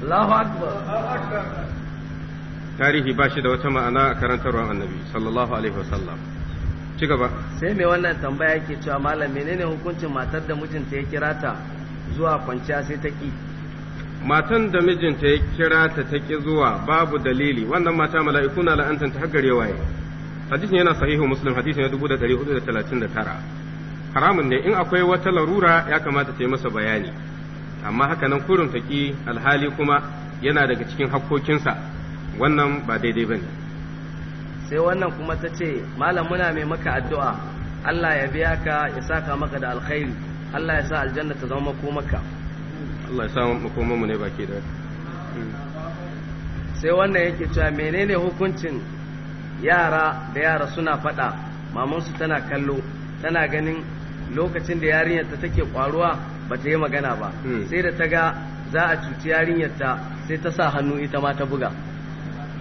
Allahu akbar tarihi ba shi da wata ma'ana a karantarwar annabi sallallahu alaihi wasallam ci gaba sai mai wannan tambaya yake cewa malam menene hukuncin matar da mijinta ya kira ta zuwa kwanciya sai ta ki matan da mijinta ya kira ta ta ki zuwa babu dalili wannan mata mala'iku na la'antan ta haggare waye hadisin yana sahihu muslim hadisin na dubu da da da hudu talatin tara haramun ne in akwai wata larura ya kamata ta yi masa bayani amma hakanan nan kurin ta ki alhali kuma yana daga cikin hakkokinsa wannan ba daidai ba ne. sai wannan kuma ta ce malam muna mai maka addu'a Allah ya biya ka ya saka maka da alkhairi Allah ya sa aljanna ta zama maka. Allah ya sa makomanmu ne baki da hmm. sai wannan yake cewa menene hukuncin yara da yara suna faɗa mamansu tana kallo tana ganin lokacin da yarinyarta take kwaruwa ba ta yi magana ba hmm. sai da ta ga za a cuci yarinyarta sai ta sa hannu ita ma ta buga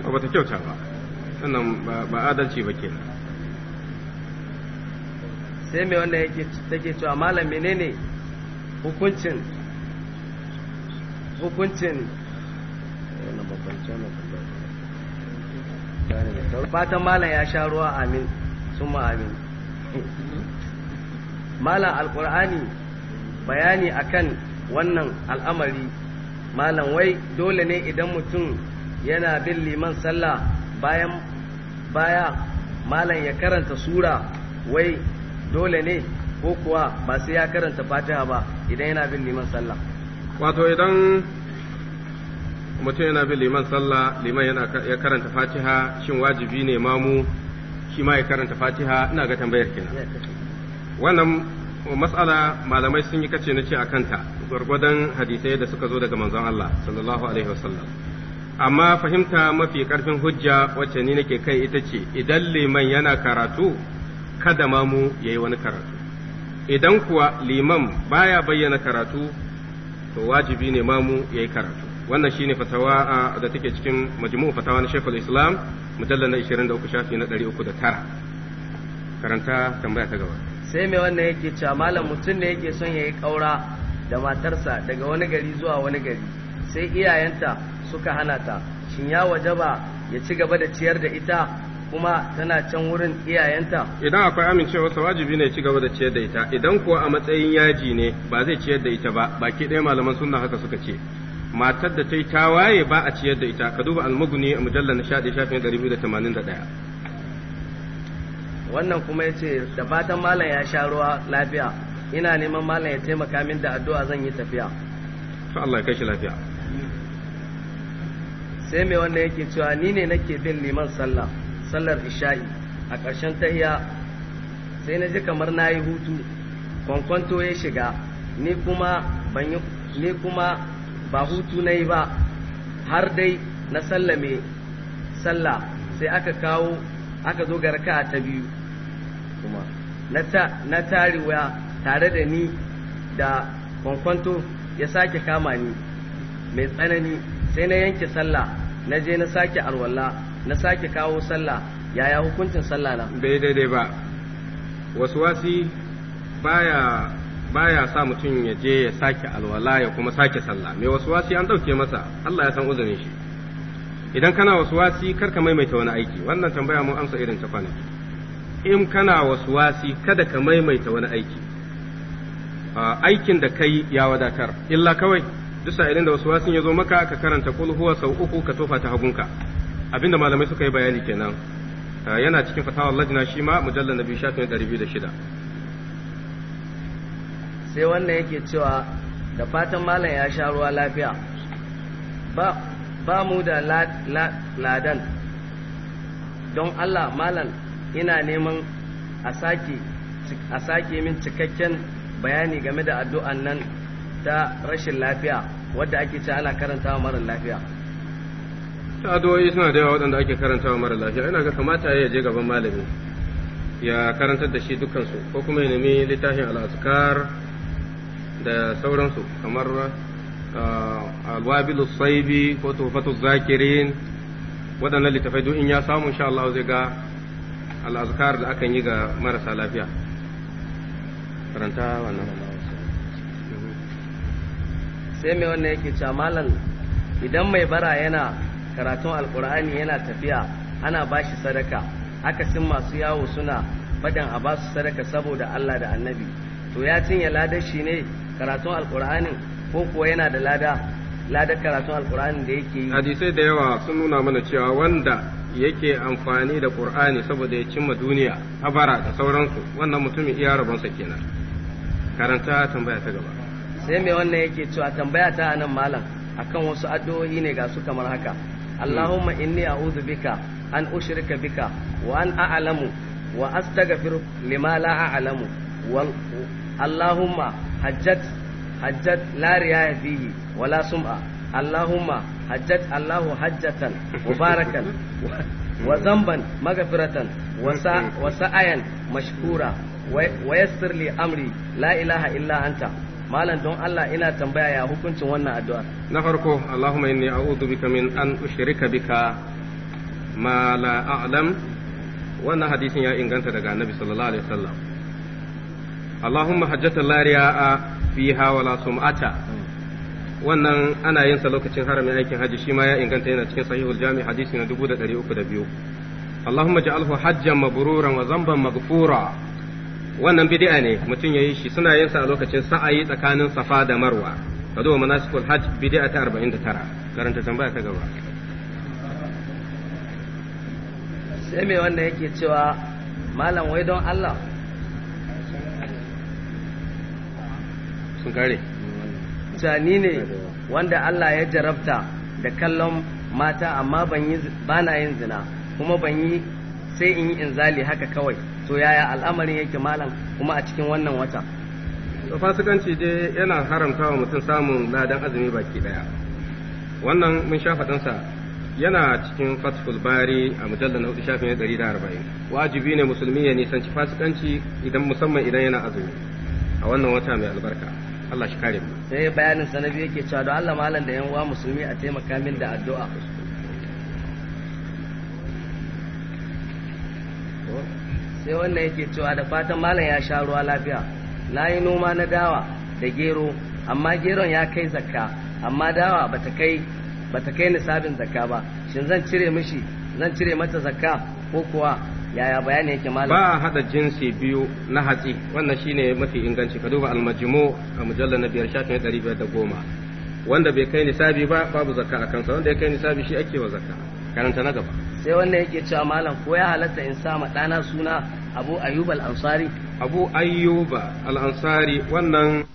ba ta wannan ba adalci ba ke sai mai wanda yake take cewa malam menene hukuncin hukuncin fatan malam ya sha ruwa amin suma amin malam alkur'ani bayani akan wannan al'amari malam wai dole ne idan mutum yana bin liman sallah bayan baya malam ya karanta sura wai dole ne ko kuwa ba sai ya karanta fatiha ba idan yana bin liman sallah wato idan mutum yana bin liman sallah liman yana ya karanta fatiha shin wajibi ne mamu shi ma ya karanta fatiha ina ga tambayar kenan wannan mas'ala malamai sun yi kace na ce a kanta gwargwadon hadisai da suka zo daga manzon Allah sallallahu alaihi wasallam amma fahimta mafi ƙarfin hujja wacce ni nake kai ita ce idan liman yana karatu kada mamu ya yi wani karatu idan kuwa liman baya bayyana karatu to wajibi ne mamu ya yi karatu wannan shine fatawa da take cikin majmu'u fatawa na Sheikhul Islam mujallal na 23 shafi na 309 karanta tambaya ta gaba sai mai wannan yake cewa malam mutum ne yake son yayi kaura da matarsa daga wani gari zuwa wani gari sai iyayenta suka hana ta shin ya wajaba ya ci gaba da ciyar da ita kuma tana can wurin iyayenta idan akwai amincewa sa wajibi ne ci gaba da ciyar da ita idan kuwa a matsayin yaji ne ba zai ciyar da ita ba baki ɗaya malaman sunna haka suka ce matar da ta yi tawaye ba a ciyar da ita ka duba almuguni a mujallar nishadi shafin ɗaya. wannan kuma ya ce da fatan malam ya sha ruwa lafiya ina neman malam ya taimaka min da addu'a zan yi tafiya to Allah ya kai shi lafiya sai mai wanda yake cewa ni ne nake bin liman sallah sallar isha'i a ƙarshen tahiya sai na ji kamar na yi hutu kwankwanto ya shiga ni kuma ba hutu na yi ba har dai na sallame sallah sai aka kawo aka zo garka ta biyu kuma na tarewa tare da ni da kwankwanto ya sake kama ni mai tsanani sai na yanke sallah na je na sake alwala na sake kawo sallah yaya hukuncin sallah na bai daidai ba waswasi baya baya sa mutum ya je ya sake alwala ya kuma sake sallah mai waswasi an dauke masa Allah ya san uzurin shi idan kana waswasi kar ka maimaita wani aiki wannan tambaya mun amsa irin ta kwanaki in kana waswasi kada ka maimaita wani aiki ah, aikin da kai ya wadatar illa kawai duk sa'ilin da wasu wasin ya zo maka ka karanta kul huwa sau uku ka tofa ta hagunka abinda malamai suka yi bayani kenan yana cikin fatawar lajna shi ma mujallal nabi shafin 206 sai wannan yake cewa da fatan malam ya sha ruwa lafiya ba ba mu da ladan don Allah malam ina neman a sake a sake min cikakken bayani game da addu'an nan ta rashin lafiya wadda ake ce ana karantawa mara lafiya ta addu'o'i suna da yawa waɗanda ake karantawa mara lafiya ina ga kamata ya je gaban malami ya karantar da shi dukansu ko kuma ya nemi littafin al'azkar da sauransu kamar ah, alwabilu saibi ko tufatu zakirin waɗannan littafai duk in ya samu insha Allah zai ga al'azkar da akan yi ga marasa lafiya karanta wannan sai mai wannan yake cewa malam idan mai bara yana karatun alkur'ani yana tafiya ana ba shi sadaka akasin masu yawo suna faɗin a ba su sadaka saboda Allah da annabi to ya cinye ladar shi ne karatun alkur'anin ko kuwa yana da lada ladar karatun alkur'anin da yake yi hadisai da yawa sun nuna mana cewa wanda yake amfani da qur'ani saboda ya cimma duniya habara da sauransu wannan mutumin iya rabonsa kenan karanta tambaya ta gaba sai mai wannan yake cewa tambaya ta nan malam akan wasu addu'o'i ne ga su kamar haka Allahumma inni a'udhu bika an ushrika bika wa an a'lamu wa astaghfiru lima la a'lamu wal Allahumma hajjat hajjat la riya fihi wala sum'a Allahumma hajjat Allahu hajjatan mubarakan wa zamban maghfiratan wa sa'ayan mashkura wa yassir li amri la ilaha illa anta malam don Allah ina tambaya ya hukuncin wannan addu'a na farko Allahumma inni a'udhu bika min an ushrika bika ma la a'lam wannan hadisin ya inganta daga annabi sallallahu alaihi wasallam Allahumma hajjata fiha wala sum'ata wannan ana yin sa lokacin haramin aikin haji shi ma ya inganta yana cikin sahihul jami hadisi na 1302 Allahumma ja'alhu hajjan mabruran wa zamban maghfura wannan bid'a ne mutum ya yi shi suna yin sa a lokacin sa'ayi tsakanin safa da marwa ka zo manasikul hajj bid'a ta 49 karanta tambaya ta gaba sai me wanda yake cewa malam wai don Allah sun kare ni ne wanda Allah ya jarabta da kallon mata amma ban yi bana yin zina kuma ban yi sai in yi inzali haka kawai to yaya al'amarin yake malam kuma a cikin wannan wata to fasikanci dai yana haramta wa mutum samun ladan azumi baki daya wannan mun sha sa yana cikin fatful bari a mujallar na shafin ɗari da arba'in wajibi ne musulmi ya nisanci fasikanci idan musamman idan yana azumi a wannan wata mai albarka Allah shi kare mu sai bayanin sanabi yake cewa don Allah malam da yan uwa musulmi a taimaka min da addu'a sai wannan yake cewa da fatan malam ya sha ruwa lafiya na yi noma na dawa da gero amma geron ya kai zakka amma dawa bata kai bata kai nisabin zakka ba shin zan cire mishi zan cire mata zakka ko kuwa yaya bayani yake malam ba hada jinsi biyu na hatsi wannan shine mafi inganci ka duba almajmu a mujallar na biyar shafin ɗari biyar da goma wanda bai kai nisabi ba babu zakka a kansa wanda ya kai nisabi shi ake wa zakka karanta na gaba sai wannan yake cewa malam ko ya halatta in sa ma ɗana suna abu ayyub al-ansari abu ayyuba al-ansari wannan